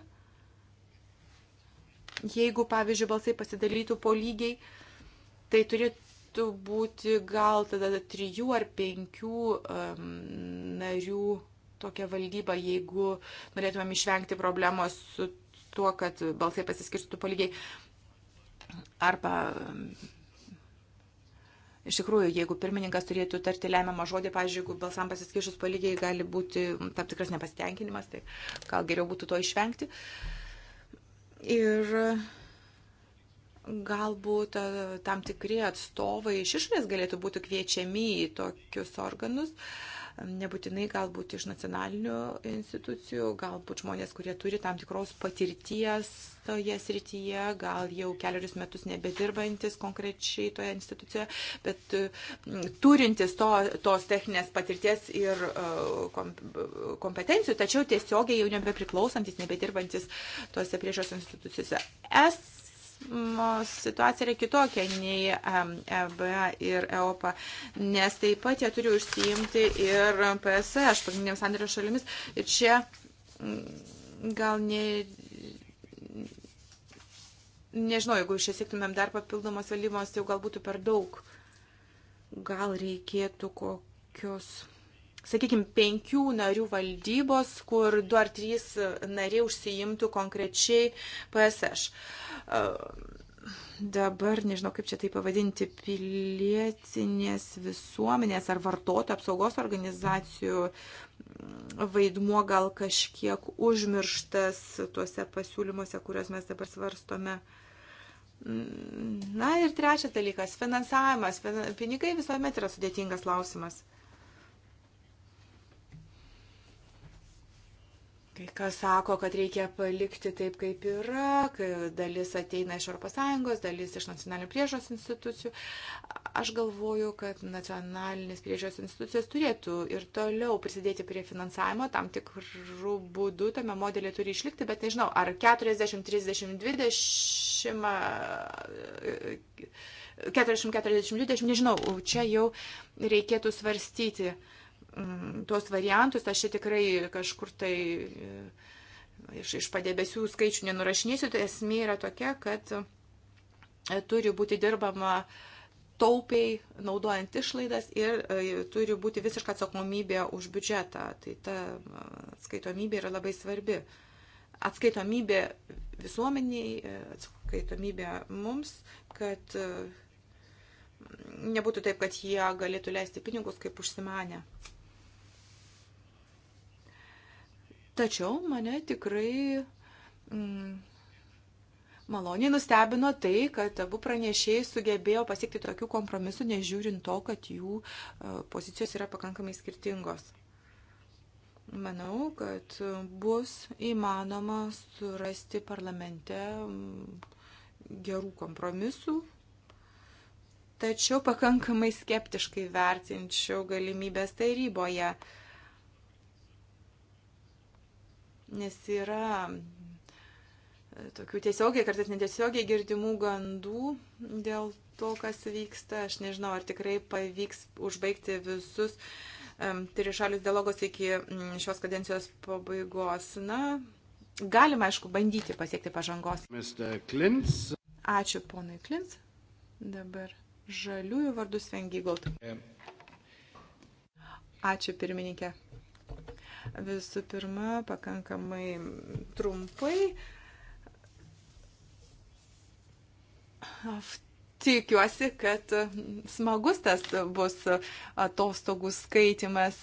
Jeigu, pavyzdžiui, balsai pasidalytų po lygiai, tai turėtų būti gal tada trijų ar penkių um, narių tokia valdyba, jeigu norėtumėm išvengti problemos su tuo, kad balsai pasiskirstų po lygiai. Arba um, Iš tikrųjų, jeigu pirmininkas turėtų tarti lemiamą žodį, pavyzdžiui, jeigu balsam pasiskišus palygiai gali būti tam tikras nepasitenkinimas, tai gal geriau būtų to išvengti. Ir galbūt e, tam tikri atstovai iš išorės galėtų būti kviečiami į tokius organus. Uh, nebūtinai galbūt iš nacionalinių institucijų, galbūt žmonės, kurie turi tam tikros patirties toje srityje, gal jau keliarius metus nebedirbantis konkrečiai toje institucijoje, bet turintis to, tos techninės patirties ir e, kompetencijų, tačiau tiesiogiai jau nebepriklausantis, nebedirbantis tose priežos institucijose. Es situacija yra kitokia nei EBA e ir EOPA, nes taip pat jie turi užsiimti ir PSE, aš pagrindiniam sandario šalimis. Ir čia mm, gal ne. Nežinau, jeigu išsiektumėm dar papildomos valymos, tai jau gal būtų per daug. Gal reikėtų kokios sakykime, penkių narių valdybos, kur du ar trys nariai užsiimtų konkrečiai PSH. E, dabar nežinau, kaip čia tai pavadinti, pilietinės visuomenės ar vartotojų apsaugos organizacijų vaidmuo gal kažkiek užmirštas tuose pasiūlymuose, kuriuos mes dabar svarstome. Na ir trečias dalykas - finansavimas. Pinigai visuomet yra sudėtingas klausimas. Kai kas sako, kad reikia palikti taip, kaip yra, kai dalis ateina iš ES, dalis iš nacionalinių priežos institucijų. Aš galvoju, kad nacionalinės priežos institucijos turėtų ir toliau prisidėti prie finansavimo, tam tikrų būdų tame modelė turi išlikti, bet nežinau, ar 40, 30, 20, 40, 40, 20, nežinau, čia jau reikėtų svarstyti. Uh, Mm, tuos variantus, aš čia tikrai kažkur tai e, iš, iš padėbesių skaičių nenurašinėsiu, tai esmė yra tokia, kad e, turi būti dirbama taupiai naudojant išlaidas ir e, turi būti visiška atsakomybė už biudžetą. Tai ta atskaitomybė yra labai svarbi. Atskaitomybė visuomeniai, atskaitomybė mums, kad nebūtų taip, kad jie galėtų leisti pinigus kaip užsimanę. Tačiau mane tikrai mm, maloniai nustebino tai, kad abu pranešėjai sugebėjo pasiekti tokių kompromisų, nežiūrint to, kad jų e, pozicijos yra pakankamai skirtingos. Manau, kad bus įmanoma surasti parlamente mm, gerų kompromisų, tačiau pakankamai skeptiškai vertinčiau galimybės taryboje. Tai nes yra e, tokių tiesiogiai, kartais netiesiogiai girdimų gandų dėl to, kas vyksta. Aš nežinau, ar tikrai pavyks užbaigti visus um, trišalius dialogus iki šios kadencijos pabaigos. Na, galima, aišku, bandyti pasiekti pažangos. Ačiū ponui Klins. Dabar žaliųjų vardus Vengigold. Ačiū pirmininkė. Visų pirma, pakankamai trumpai. Tikiuosi, kad smagus tas bus atostogų skaitimas.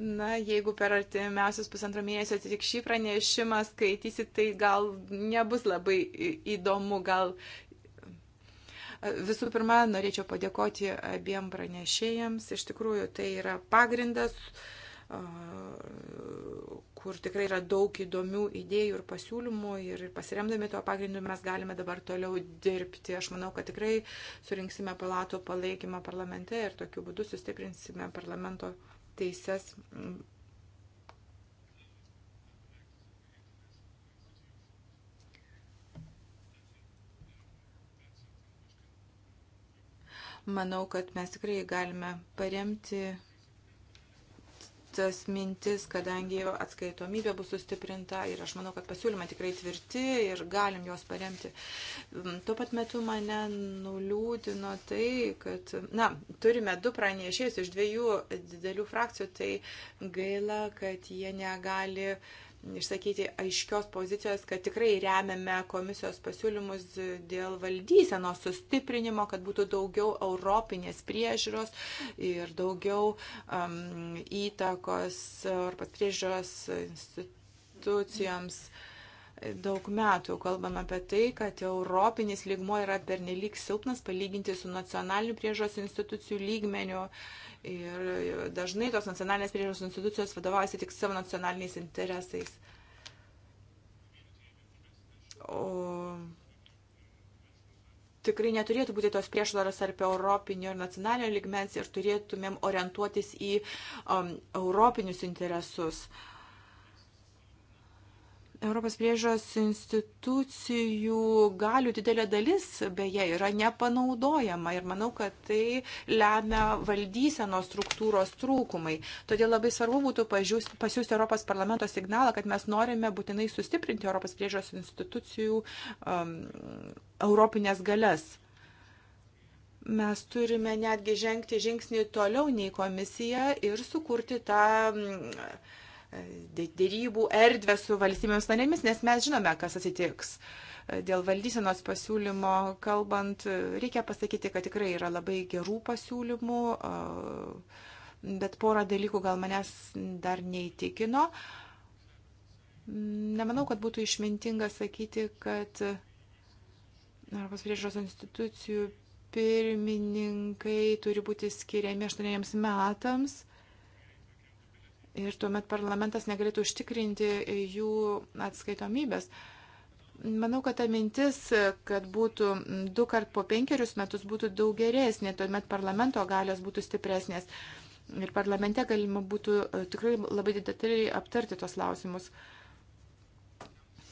Na, jeigu per artimiausius pusantrą mėnesio tik šį pranešimą skaitysit, tai gal nebus labai įdomu, gal Visų pirma, norėčiau padėkoti abiem pranešėjams. Iš tikrųjų, tai yra pagrindas kur tikrai yra daug įdomių idėjų ir pasiūlymų ir pasiremdami tuo pagrindu mes galime dabar toliau dirbti. Aš manau, kad tikrai surinksime palato palaikymą parlamente ir tokiu būdu sustiprinsime parlamento teises Manau, kad mes tikrai galime paremti tas mintis, kadangi atskaitomybė bus sustiprinta ir aš manau, kad pasiūlymai tikrai tvirti ir galim juos paremti. Mm, tuo pat metu mane nuliūdino tai, kad, na, turime du pranešėjus iš dviejų didelių frakcijų, tai gaila, kad jie negali uh, išsakyti aiškios pozicijos, kad tikrai remiame komisijos pasiūlymus dėl valdysenos sustiprinimo, kad būtų daugiau europinės priežiūros ir daugiau um, įtakos Europos priežiūros institucijoms. Daug metų kalbame apie tai, kad europinis lygmo yra pernelyg silpnas palyginti su nacionaliniu priežos institucijų lygmeniu Ir dažnai tos nacionalinės priežiūros institucijos vadovaujasi tik savo nacionaliniais interesais. O tikrai neturėtų būti tos priešdaros tarp europinio ir nacionalinio ligmens ir turėtumėm orientuotis į um, europinius interesus. Uh, Europos priežos institucijų galių didelė dalis beje yra nepanaudojama ir manau, kad tai lemia valdysenos struktūros trūkumai. Todėl labai svarbu būtų pasiūsti Europos parlamento signalą, kad mes norime būtinai sustiprinti Europos priežos institucijų um, europinės galias mes turime netgi žengti žingsnį toliau nei komisija ir sukurti tą dėrybų erdvę su valstybėms narėmis, nes mes žinome, kas atsitiks. Dėl valdysenos pasiūlymo kalbant, reikia pasakyti, kad tikrai yra labai gerų pasiūlymų, bet pora dalykų gal manęs dar neįtikino. Nemanau, kad būtų išmintinga sakyti, kad Europos priežiūros institucijų pirmininkai turi būti skiriami aštuoniems metams ir tuomet parlamentas negalėtų užtikrinti jų atskaitomybės. Manau, kad ta mintis, kad būtų du kart po penkerius metus būtų daug geresnė, tuomet parlamento galios būtų stipresnės. Ir parlamente galima būtų e, tikrai labai detaliai aptarti tos klausimus.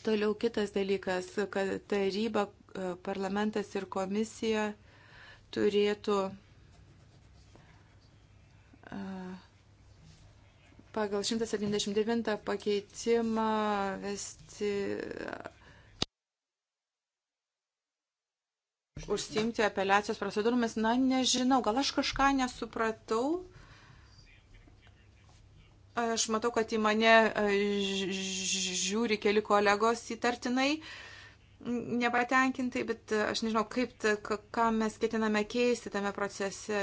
Toliau kitas dalykas, kad taryba, e, parlamentas ir komisija turėtų. Uh, pagal 179 pakeitimą vesti užsiimti apeliacijos procedūromis, na nežinau, gal aš kažką nesupratau. Aš matau, kad į mane e, žiūri keli kolegos įtartinai, nepatenkintai, bet aš nežinau, kaip, ta, ką mes ketiname keisti tame procese.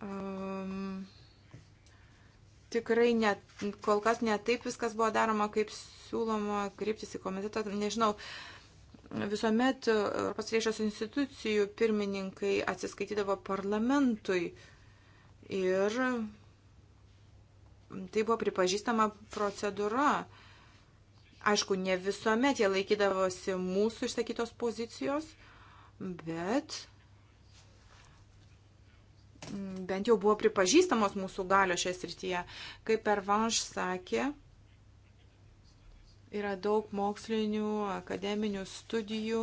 Um, tikrai ne, kol kas netaip viskas buvo daroma, kaip siūloma kreiptis į komitetą. Nežinau, visuomet Europos lėšos institucijų pirmininkai atsiskaitydavo parlamentui ir tai buvo pripažįstama procedūra. Aišku, ne visuomet jie laikydavosi mūsų išsakytos pozicijos, bet bent jau buvo pripažįstamos mūsų galios šioje srityje. Kaip Pervanš sakė, yra daug mokslinių, akademinių studijų.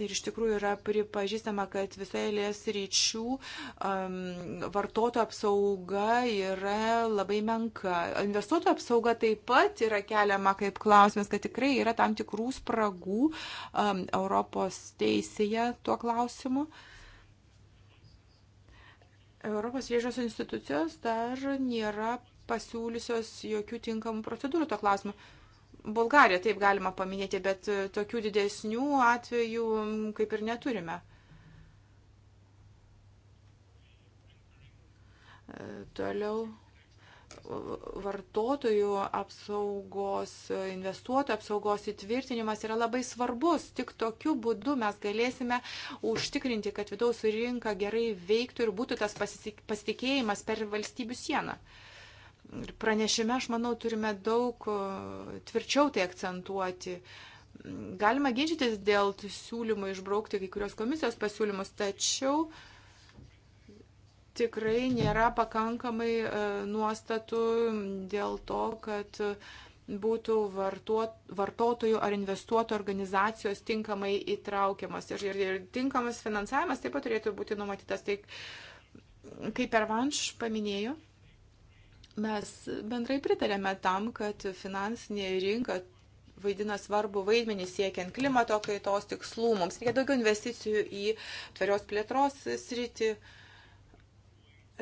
Ir iš tikrųjų yra pripažįstama, kad visoje eilės ryčių um, vartotojų apsauga yra labai menka. Investuotojų apsauga taip pat yra keliama kaip klausimas, kad tikrai yra tam tikrų spragų um, Europos teisėje tuo klausimu. Uh, Europos viežos institucijos dar nėra pasiūlysios jokių tinkamų procedūrų to klausimu. Bulgarija taip galima paminėti, bet e, tokių didesnių atvejų kaip ir neturime. E, toliau vartotojų apsaugos, investuotojų apsaugos įtvirtinimas yra labai svarbus. Tik tokiu būdu mes galėsime užtikrinti, kad vidaus rinka gerai veiktų ir būtų tas pasitikėjimas per valstybių sieną. Ir pranešime, aš manau, turime daug tvirčiau tai akcentuoti. Galima ginčytis dėl siūlymų išbraukti kai kurios komisijos pasiūlymus, tačiau uh, tikrai nėra pakankamai e, nuostatų dėl to, kad būtų vartuot, vartotojų ar investuotojų organizacijos tinkamai įtraukiamas. Ir, ir, ir tinkamas finansavimas taip pat turėtų būti numatytas. Tai, kaip per vanš paminėjo, mes bendrai pritarėme tam, kad finansinė rinka vaidina svarbu vaidmenį siekiant klimato kaitos tikslų. Mums reikia daugiau investicijų į tvarios plėtros sritį. Uh,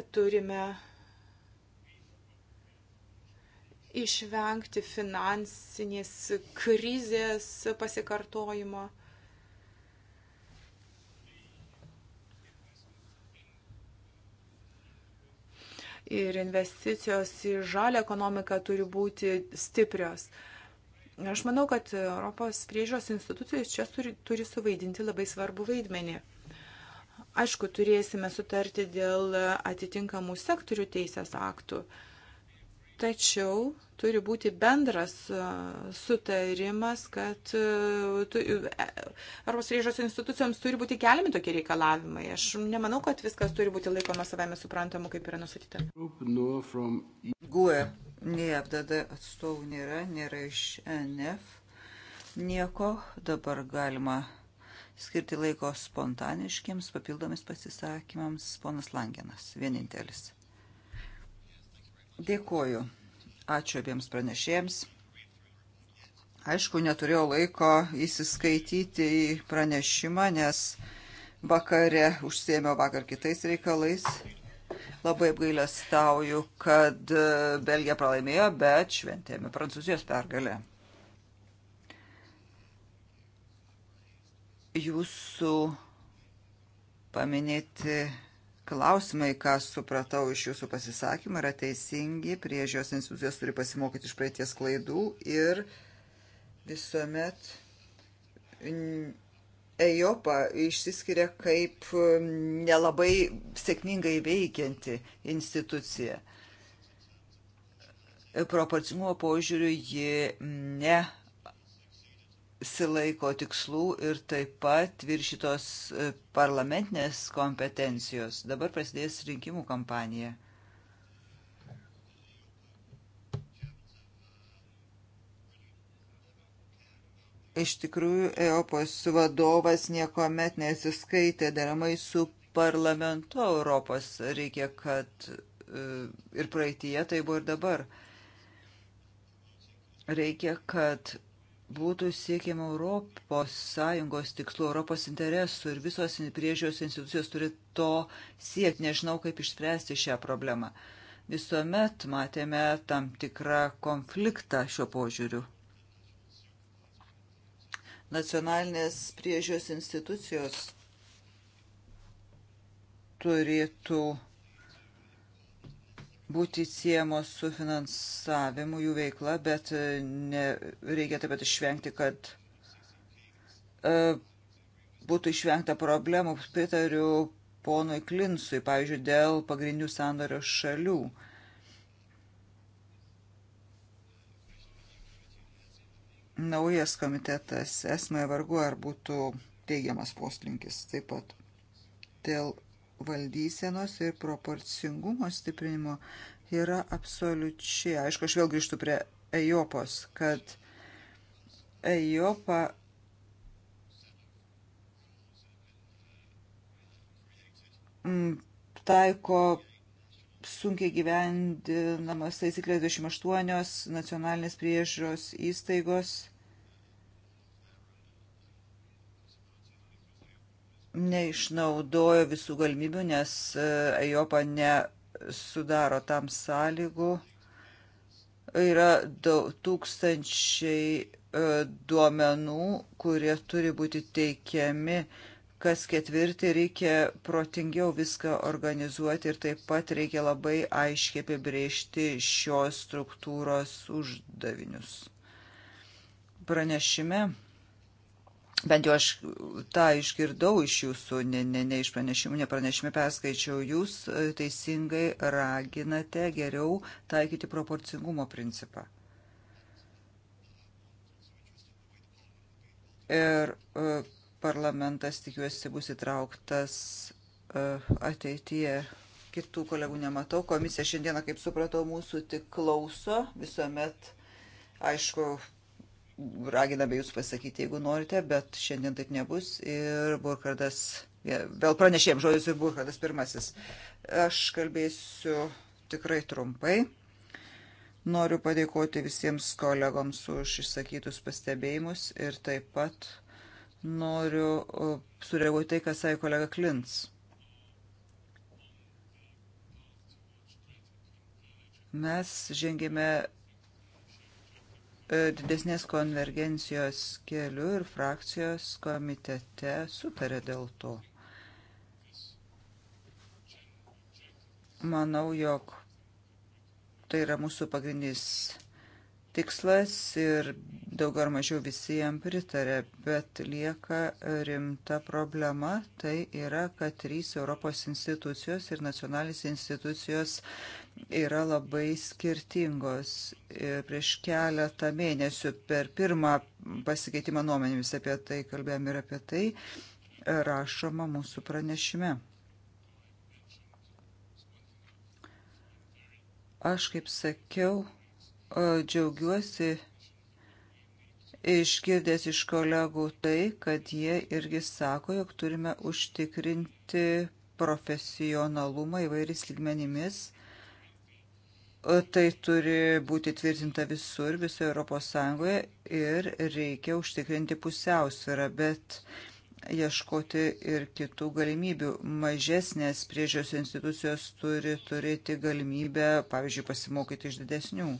turime išvengti finansinės krizės pasikartojimo. Ir investicijos į žalę ekonomiką turi būti stiprios. Aš manau, kad Europos priežiūros institucijos čia turi, turi suvaidinti labai svarbu vaidmenį. Aišku, turėsime sutarti dėl atitinkamų sektorių teisės aktų, tačiau turi būti bendras sutarimas, kad e, Europos priežos institucijoms turi būti keliami tokie reikalavimai. Aš nemanau, kad viskas turi būti laikoma savame suprantamu, kaip yra nusatyta. E- GUE, nei FDD atstovų nėra, nėra iš NF. Nieko dabar galima skirti laiko spontaniškiams papildomis pasisakymams. Ponas Langenas, vienintelis. Dėkuoju. Ačiū abiems pranešėjams. Aišku, neturėjau laiko įsiskaityti į pranešimą, nes vakare užsėmiau vakar kitais reikalais. Labai apgailestauju, kad Belgija pralaimėjo, bet šventėme Prancūzijos pergalę. jūsų paminėti klausimai, ką supratau iš jūsų pasisakymų, yra teisingi, priežios institucijos turi pasimokyti iš praeities klaidų ir visuomet EJOPA išsiskiria kaip nelabai sėkmingai veikianti institucija. Proporcingumo požiūriu ji ne nesilaiko tikslų ir taip pat viršytos e, parlamentinės kompetencijos. Dabar prasidės rinkimų kampanija. Iš tikrųjų, Europos vadovas niekuomet nesiskaitė deramai su parlamentu Europos. Reikia, kad e, ir praeitie tai buvo ir dabar. Reikia, kad būtų siekiama Europos Sąjungos tikslų, Europos interesų ir visos priežiūros institucijos turi to siekti. Nežinau, kaip išspręsti šią problemą. Visuomet matėme tam tikrą konfliktą šiuo požiūriu. Nacionalinės priežiūros institucijos turėtų būti siemos su finansavimu jų veikla, bet e, ne, reikia taip pat išvengti, kad e, būtų išvengta problemų. Pritariu ponui Klinsui, pavyzdžiui, dėl pagrindinių sandorio šalių. Naujas komitetas esmai vargu ar būtų teigiamas poslinkis taip pat dėl valdysenos ir proporcingumo stiprinimo yra absoliučiai. Aišku, aš vėl grįžtu prie Ejopos, kad Ejopa taiko sunkiai gyvendinamas taisyklės 28 nacionalinės priežiūros įstaigos neišnaudojo visų galimybių, nes e, Ejopa nesudaro tam sąlygų. Yra daug, tūkstančiai e, duomenų, kurie turi būti teikiami kas ketvirtį, reikia protingiau viską organizuoti ir taip pat reikia labai aiškiai apibriežti šios struktūros uždavinius. Pranešime Bent jau aš tą išgirdau iš jūsų, ne, ne, ne iš pranešimų, ne pranešimų perskaičiau. Jūs e, teisingai raginate geriau taikyti proporcingumo principą. Ir e, parlamentas, tikiuosi, bus įtrauktas e, ateityje. Kitų kolegų nematau. Komisija šiandieną, kaip supratau, mūsų tik klauso visuomet aišku, raginame jūs pasakyti, jeigu norite, bet šiandien taip nebus. Ir Burkardas, vėl pranešėjom žodžius ir Burkardas pirmasis. Aš kalbėsiu tikrai trumpai. Noriu padėkoti visiems kolegoms už išsakytus pastebėjimus ir taip pat noriu sureaguoti tai, ką sakė kolega Klins. Mes žengėme didesnės konvergencijos keliu ir frakcijos komitete sutarė dėl to. Manau, jog tai yra mūsų pagrindinis tikslas ir daugiau ar mažiau visi jam pritarė, bet lieka rimta problema, tai yra, kad trys Europos institucijos ir nacionalinės institucijos yra labai skirtingos. Ir prieš keletą mėnesių per pirmą pasikeitimą nuomenėmis apie tai kalbėjom ir apie tai rašoma mūsų pranešime. Aš kaip sakiau, džiaugiuosi išgirdęs iš kolegų tai, kad jie irgi sako, jog turime užtikrinti profesionalumą įvairiais lygmenimis. Tai turi būti tvirtinta visur, visoje Europos Sąjungoje ir reikia užtikrinti pusiausvyrą, bet ieškoti ir kitų galimybių. Mažesnės priežios institucijos turi turėti galimybę, pavyzdžiui, pasimokyti iš didesnių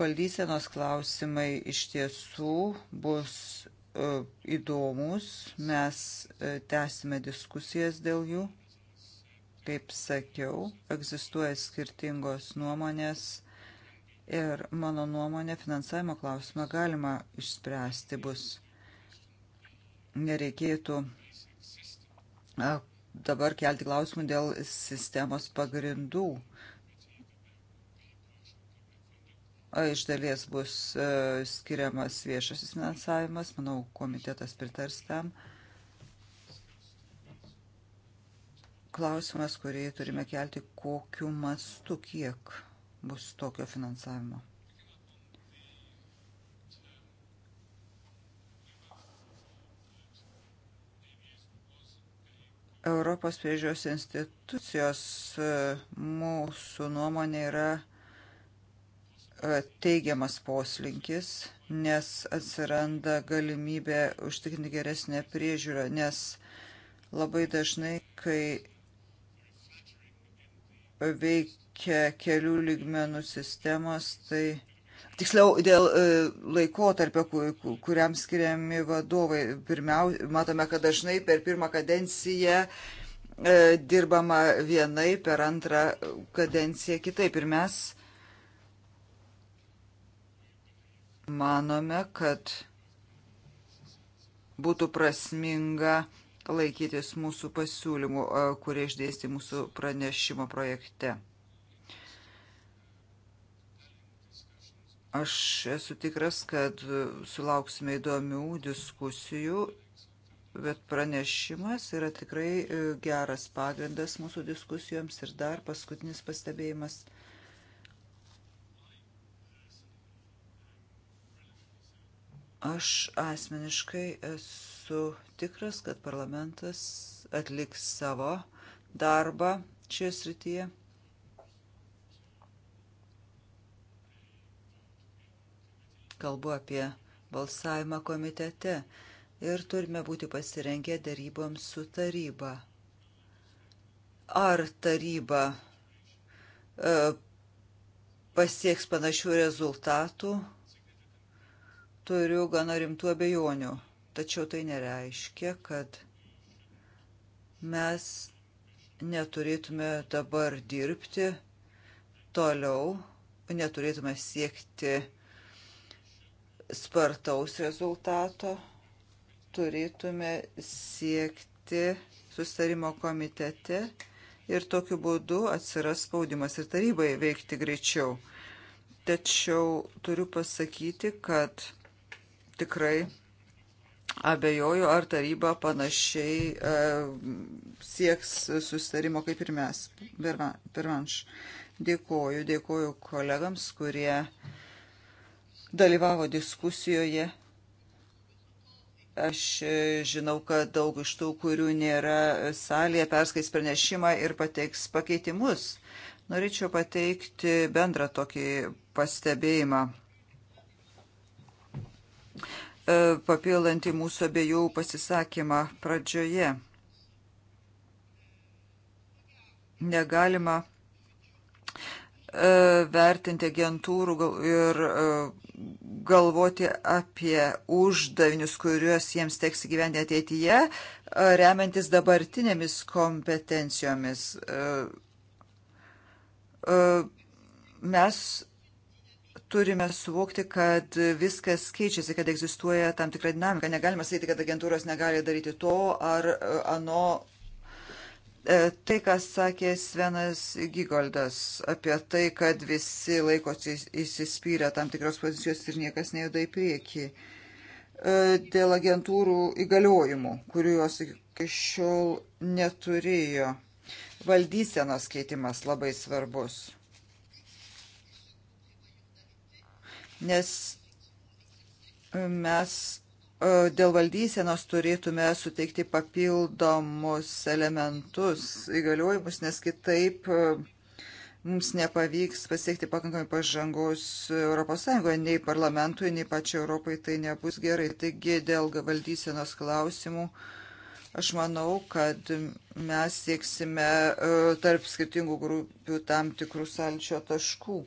valdysenos klausimai iš tiesų bus e, įdomus, mes e, tęsime diskusijas dėl jų. Kaip sakiau, egzistuoja skirtingos nuomonės ir mano nuomonė finansavimo klausimą galima išspręsti bus. Nereikėtų e, dabar kelti klausimų dėl sistemos pagrindų iš dalies bus e, skiriamas viešasis finansavimas, manau, komitetas pritars tam. Klausimas, kurį turime kelti, kokiu mastu, kiek bus tokio finansavimo. Europos priežiūros institucijos e, mūsų nuomonė yra E, teigiamas poslinkis, nes atsiranda galimybė užtikrinti geresnę priežiūrą, nes labai dažnai, kai veikia kelių lygmenų sistemos, tai tiksliau dėl e, laikotarpio, kuriam skiriami vadovai, pirmiausia, matome, kad dažnai per pirmą kadenciją e, dirbama vienai, per antrą kadenciją kitaip. Ir mes Manome, kad būtų prasminga laikytis mūsų pasiūlymų, e, kurie išdėsti mūsų pranešimo projekte. Aš esu tikras, kad sulauksime įdomių diskusijų, bet pranešimas yra tikrai e, geras pagrindas mūsų diskusijoms ir dar paskutinis pastebėjimas – Aš asmeniškai esu tikras, kad parlamentas atliks savo darbą šioje srityje. Kalbu apie balsavimą komitete ir turime būti pasirengę daryboms su taryba. Ar taryba e, pasieks panašių rezultatų? turiu gana rimtų abejonių. Tačiau tai nereiškia, kad mes neturėtume dabar dirbti toliau, neturėtume siekti spartaus rezultato, turėtume siekti sustarimo komitete ir tokiu būdu atsiras spaudimas ir tarybai veikti greičiau. Tačiau turiu pasakyti, kad tikrai abejoju, ar taryba panašiai e, sieks sustarimo kaip ir mes. Pervanš, dėkoju, dėkoju kolegams, kurie dalyvavo diskusijoje. Aš e, žinau, kad daug iš tų, kurių nėra salėje, perskais pranešimą ir pateiks pakeitimus. Norėčiau pateikti bendrą tokį pastebėjimą. E, papildant į mūsų abiejų pasisakymą pradžioje. Negalima e, vertinti agentūrų ir e, galvoti apie uždavinius, kuriuos jiems teks įgyvendinti ateityje, remiantis dabartinėmis kompetencijomis. Mes turime suvokti, kad viskas keičiasi, kad egzistuoja tam tikra dinamika. Negalima sakyti, kad agentūros negali daryti to ar e, ano. E, tai, kas sakė Svenas Gigoldas apie tai, kad visi laikosi įsispyrę tam tikros pozicijos ir niekas nejuda į priekį e, dėl agentūrų įgaliojimų, kuriuos iki šiol neturėjo. Valdysenos keitimas labai svarbus. nes mes e, dėl valdysenos turėtume suteikti papildomus elementus įgaliojimus, nes kitaip e, mums nepavyks pasiekti pakankamai pažangos ES, nei parlamentui, nei pačiai Europai tai nebus gerai. Taigi dėl valdysenos klausimų aš manau, kad mes sieksime e, tarp skirtingų grupių tam tikrų salčio taškų.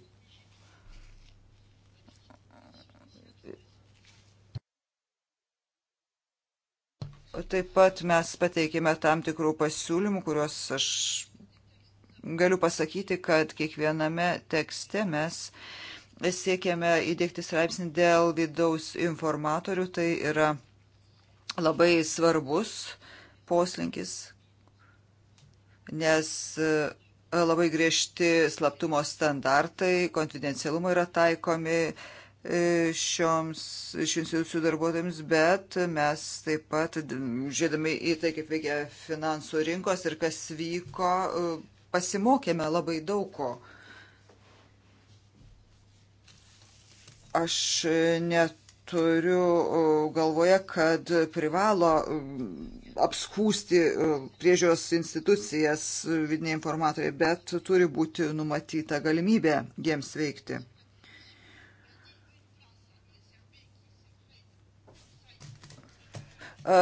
Taip pat mes pateikėme tam tikrų pasiūlymų, kuriuos aš galiu pasakyti, kad kiekviename tekste mes siekiame įdėkti straipsnį dėl vidaus informatorių. Tai yra labai svarbus poslinkis, nes e, labai griežti slaptumo standartai, konfidencialumo yra taikomi šioms iš institucijų darbuotojams, bet mes taip pat žiūrėdami į tai, kaip veikia finansų rinkos ir kas vyko, pasimokėme labai daug ko. Aš neturiu galvoje, kad privalo apskūsti priežiūros institucijas vidiniai informatoriai, bet turi būti numatyta galimybė jiems veikti. E,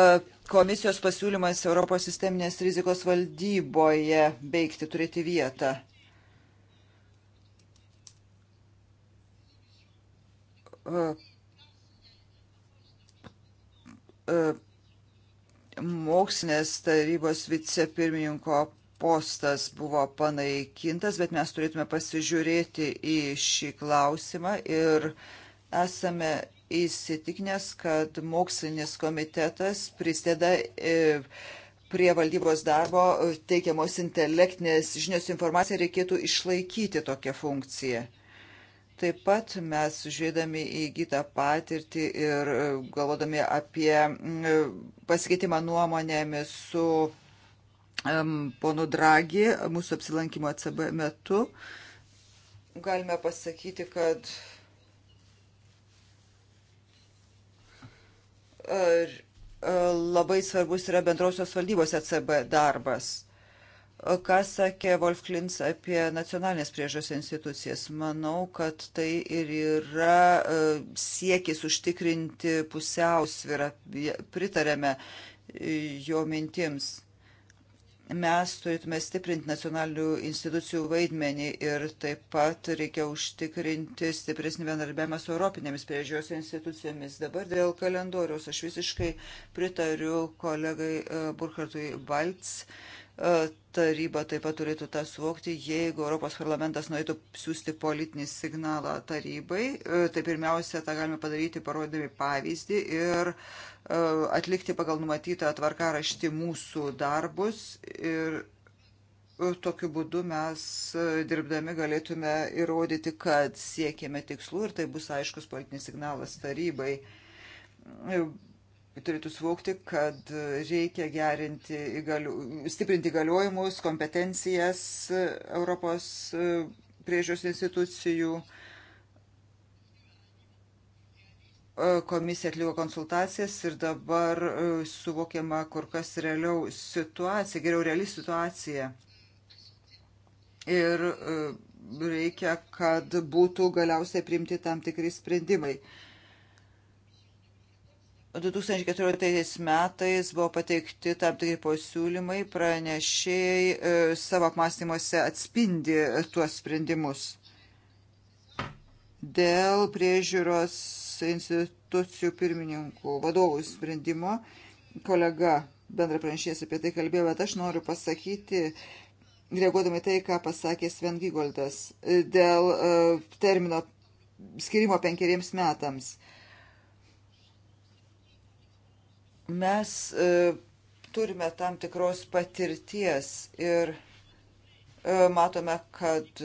komisijos pasiūlymas Europos sisteminės rizikos valdyboje veikti turėti vietą. E, e, mokslinės tarybos vicepirmininko postas buvo panaikintas, bet mes turėtume pasižiūrėti į šį klausimą ir esame įsitikinęs, kad mokslinis komitetas prisėda e, prie valdybos darbo e, teikiamos intelektinės žinios informaciją reikėtų išlaikyti tokią funkciją. Taip pat mes žiūrėdami įgytą patirtį ir e, galvodami apie pasikeitimą nuomonėmis su ponu Dragi mūsų apsilankimo ACB metu, galime pasakyti, kad E, labai svarbus yra bendrosios valdybos ECB darbas. E, ką sakė Wolf Klins apie nacionalinės priežos institucijas? Manau, kad tai ir yra e, siekis užtikrinti pusiausvyrą. Pritarėme jo mintims mes turėtume stiprinti nacionalinių institucijų vaidmenį ir taip pat reikia užtikrinti stipresnį bendarbiavimą su Europinėmis priežiūros institucijomis. Dabar dėl kalendoriaus aš visiškai pritariu kolegai e, Burkhartui Balts. Taryba taip pat turėtų tą suvokti, jeigu Europos parlamentas norėtų siūsti politinį signalą tarybai, e, tai pirmiausia, tą galime padaryti parodami pavyzdį ir e, atlikti pagal numatytą tvarkaraštį mūsų darbus ir e, tokiu būdu mes dirbdami galėtume įrodyti, kad siekėme tikslų ir tai bus aiškus politinis signalas tarybai turėtų suvokti, kad reikia gerinti, įgaliu, stiprinti įgaliojimus, kompetencijas Europos e, priežiūros institucijų. E, komisija atliko konsultacijas ir dabar e, suvokiama kur kas realiau situacija, geriau reali situacija. Ir reikia, kad būtų galiausiai priimti tam tikri sprendimai. Uh, 2014 metais buvo pateikti tam tikri pasiūlymai, pranešėjai e, savo apmąstymuose atspindi tuos sprendimus. Dėl priežiūros institucijų pirmininkų vadovų sprendimo kolega bendra pranešėjas apie tai kalbėjo, bet aš noriu pasakyti, reaguodami tai, ką pasakė Sven Gigoldas dėl e, termino skirimo penkeriems metams. Mes e, turime tam tikros patirties ir e, matome, kad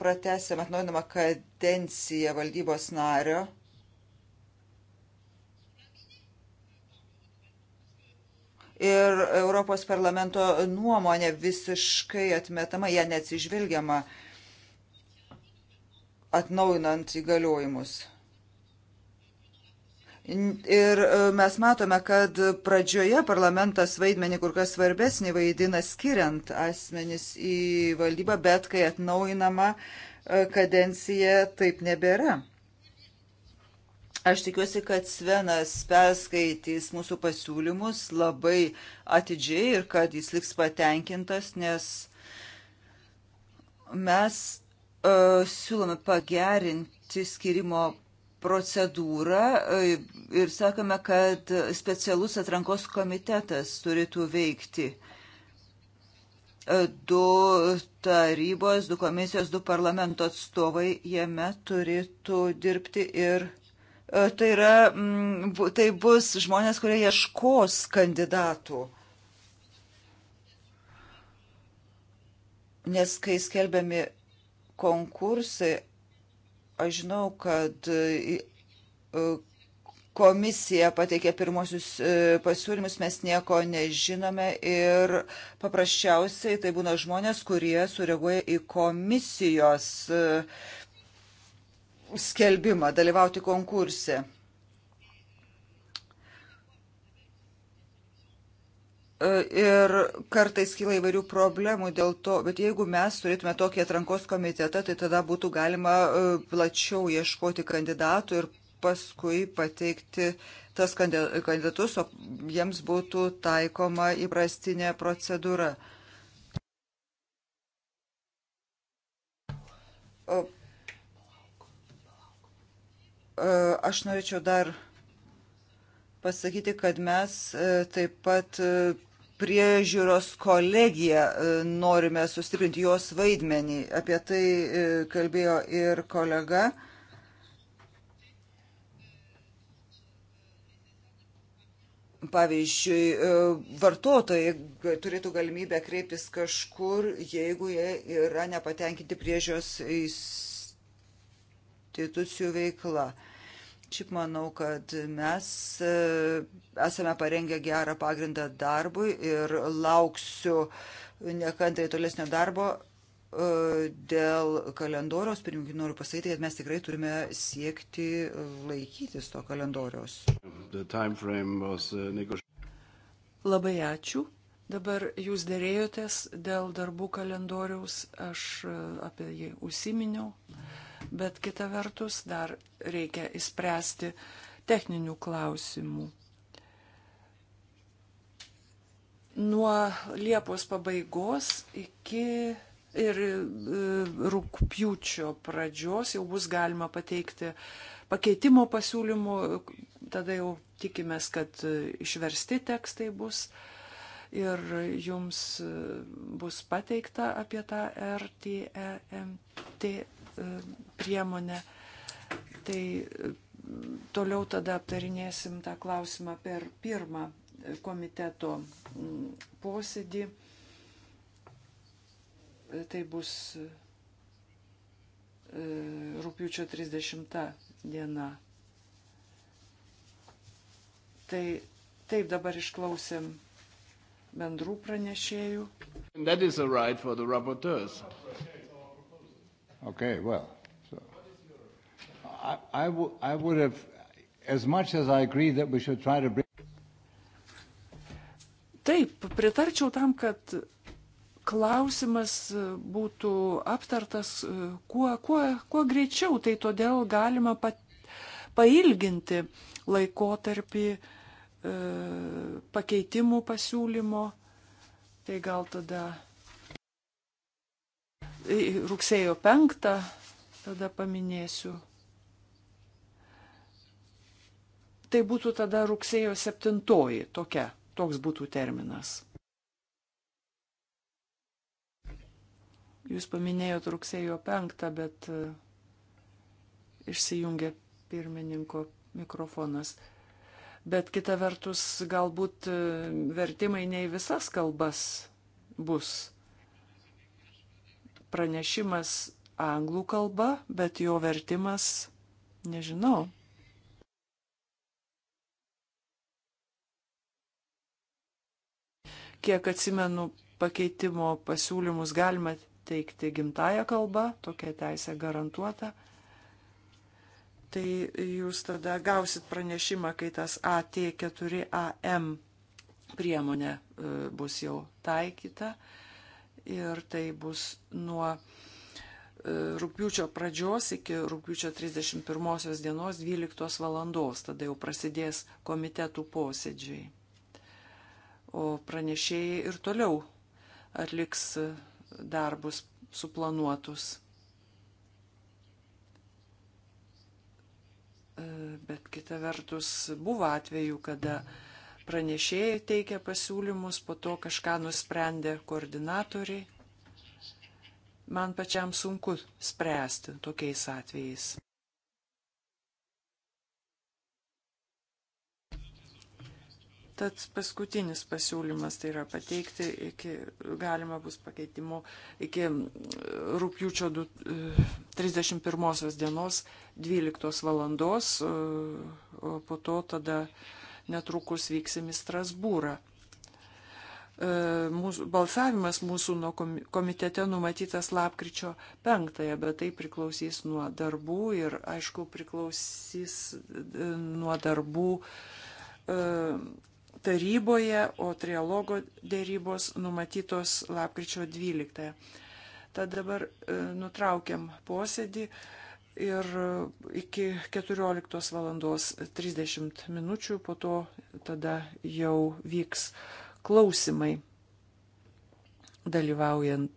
pratesėm atnaujinamą kadenciją valdybos nario. ir Europos parlamento nuomonė visiškai atmetama, ją neatsižvelgiama atnaujinant įgaliojimus. Ir e, mes matome, kad pradžioje parlamentas vaidmenį kur kas svarbesnį vaidina skiriant asmenis į valdybą, bet kai atnaujinama e, kadencija, taip nebėra. Aš tikiuosi, kad Svenas perskaitys mūsų pasiūlymus labai atidžiai ir kad jis liks patenkintas, nes mes uh, siūlome pagerinti skirimo procedūrą e, ir sakome, kad specialus atrankos komitetas turėtų veikti. E, du tarybos, du komisijos, du parlamento atstovai jame turėtų dirbti ir e, tai, yra, mm, tai bus žmonės, kurie ieškos kandidatų. Nes kai skelbiami konkursai Aš žinau, kad e, e, komisija pateikė pirmosius e, pasiūlymus, mes nieko nežinome ir paprasčiausiai tai būna žmonės, kurie sureaguoja į komisijos skelbimą dalyvauti konkurse. E, ir kartais kyla įvairių problemų dėl to, bet jeigu mes turėtume tokį atrankos komitetą, tai tada būtų galima e, plačiau ieškoti kandidatų ir paskui pateikti tas kandidatus, o jiems būtų taikoma įprastinė procedūra. E, aš norėčiau dar pasakyti, kad mes e, taip pat e, priežiūros kolegiją e, norime sustiprinti jos vaidmenį. Apie tai kalbėjo ir kolega. Pavyzdžiui, vartotojai turėtų galimybę kreiptis kažkur, jeigu jie yra nepatenkinti priežios institucijų veikla. Šiaip manau, kad mes e, esame parengę gerą pagrindą darbui ir lauksiu nekantrai tolesnio darbo e, dėl kalendoriaus. Pirmininkai noriu pasakyti, kad mes tikrai turime siekti laikytis to kalendoriaus. E, Labai ačiū. Dabar jūs dėrėjotės dėl darbų kalendoriaus, aš apie jį užsiminiau bet kita vertus dar reikia įspręsti techninių klausimų. Nuo Liepos pabaigos iki ir e, rūpjūčio pradžios jau bus galima pateikti pakeitimo pasiūlymų, tada jau tikimės, kad e, išversti tekstai bus ir jums e, bus pateikta apie tą RTEMT priemonę. Tai e, toliau tada aptarinėsim tą klausimą per pirmą e, komiteto posėdį. E, tai bus rūpiučio 30 diena. Tai taip dabar išklausėm bendrų pranešėjų. And that is a right for the rapporteurs. Okay, well. So I, I, w- I would have, as much as I agree that we should try to bring. Taip, pritarčiau tam, kad klausimas būtų aptartas e, kuo, kuo, kuo greičiau, tai todėl galima pat, pailginti laikotarpį e, pakeitimų pasiūlymo. Tai gal tada rugsėjo 5, tada paminėsiu. Tai būtų tada rugsėjo 7, tokia, toks būtų terminas. Jūs paminėjot rugsėjo 5, bet e, išsijungia pirmininko mikrofonas. Bet kita vertus, galbūt e, vertimai ne į visas kalbas bus pranešimas anglų kalba, bet jo vertimas nežinau. Kiek atsimenu, pakeitimo pasiūlymus galima teikti gimtają kalbą, tokia teisė garantuota. Tai jūs tada gausit pranešimą, kai tas AT4AM priemonė e, bus jau taikyta ir tai bus nuo e, rūpiučio pradžios iki rūpiučio 31 dienos 12 valandos, tada jau prasidės komitetų posėdžiai. O pranešėjai ir toliau atliks darbus suplanuotus. E, bet kita vertus buvo atveju, kada mm pranešėjai teikia pasiūlymus, po to kažką nusprendė koordinatoriai. Man pačiam sunku spręsti tokiais atvejais. Tad paskutinis pasiūlymas tai yra pateikti iki, galima bus pakeitimo iki mm, rūpjūčio 31 e, dienos 12 valandos, e, o po to tada netrukus vyksim į Strasbūrą. E, mūsų, balsavimas mūsų nuo komitete numatytas lapkričio penktąją, bet tai priklausys nuo darbų ir, aišku, priklausys e, nuo darbų e, taryboje, o trialogo dėrybos numatytos lapkričio 12. Tad dabar nutraukiam posėdį ir e, iki 14 valandos 30 minučių, po to tada jau vyks klausimai dalyvaujant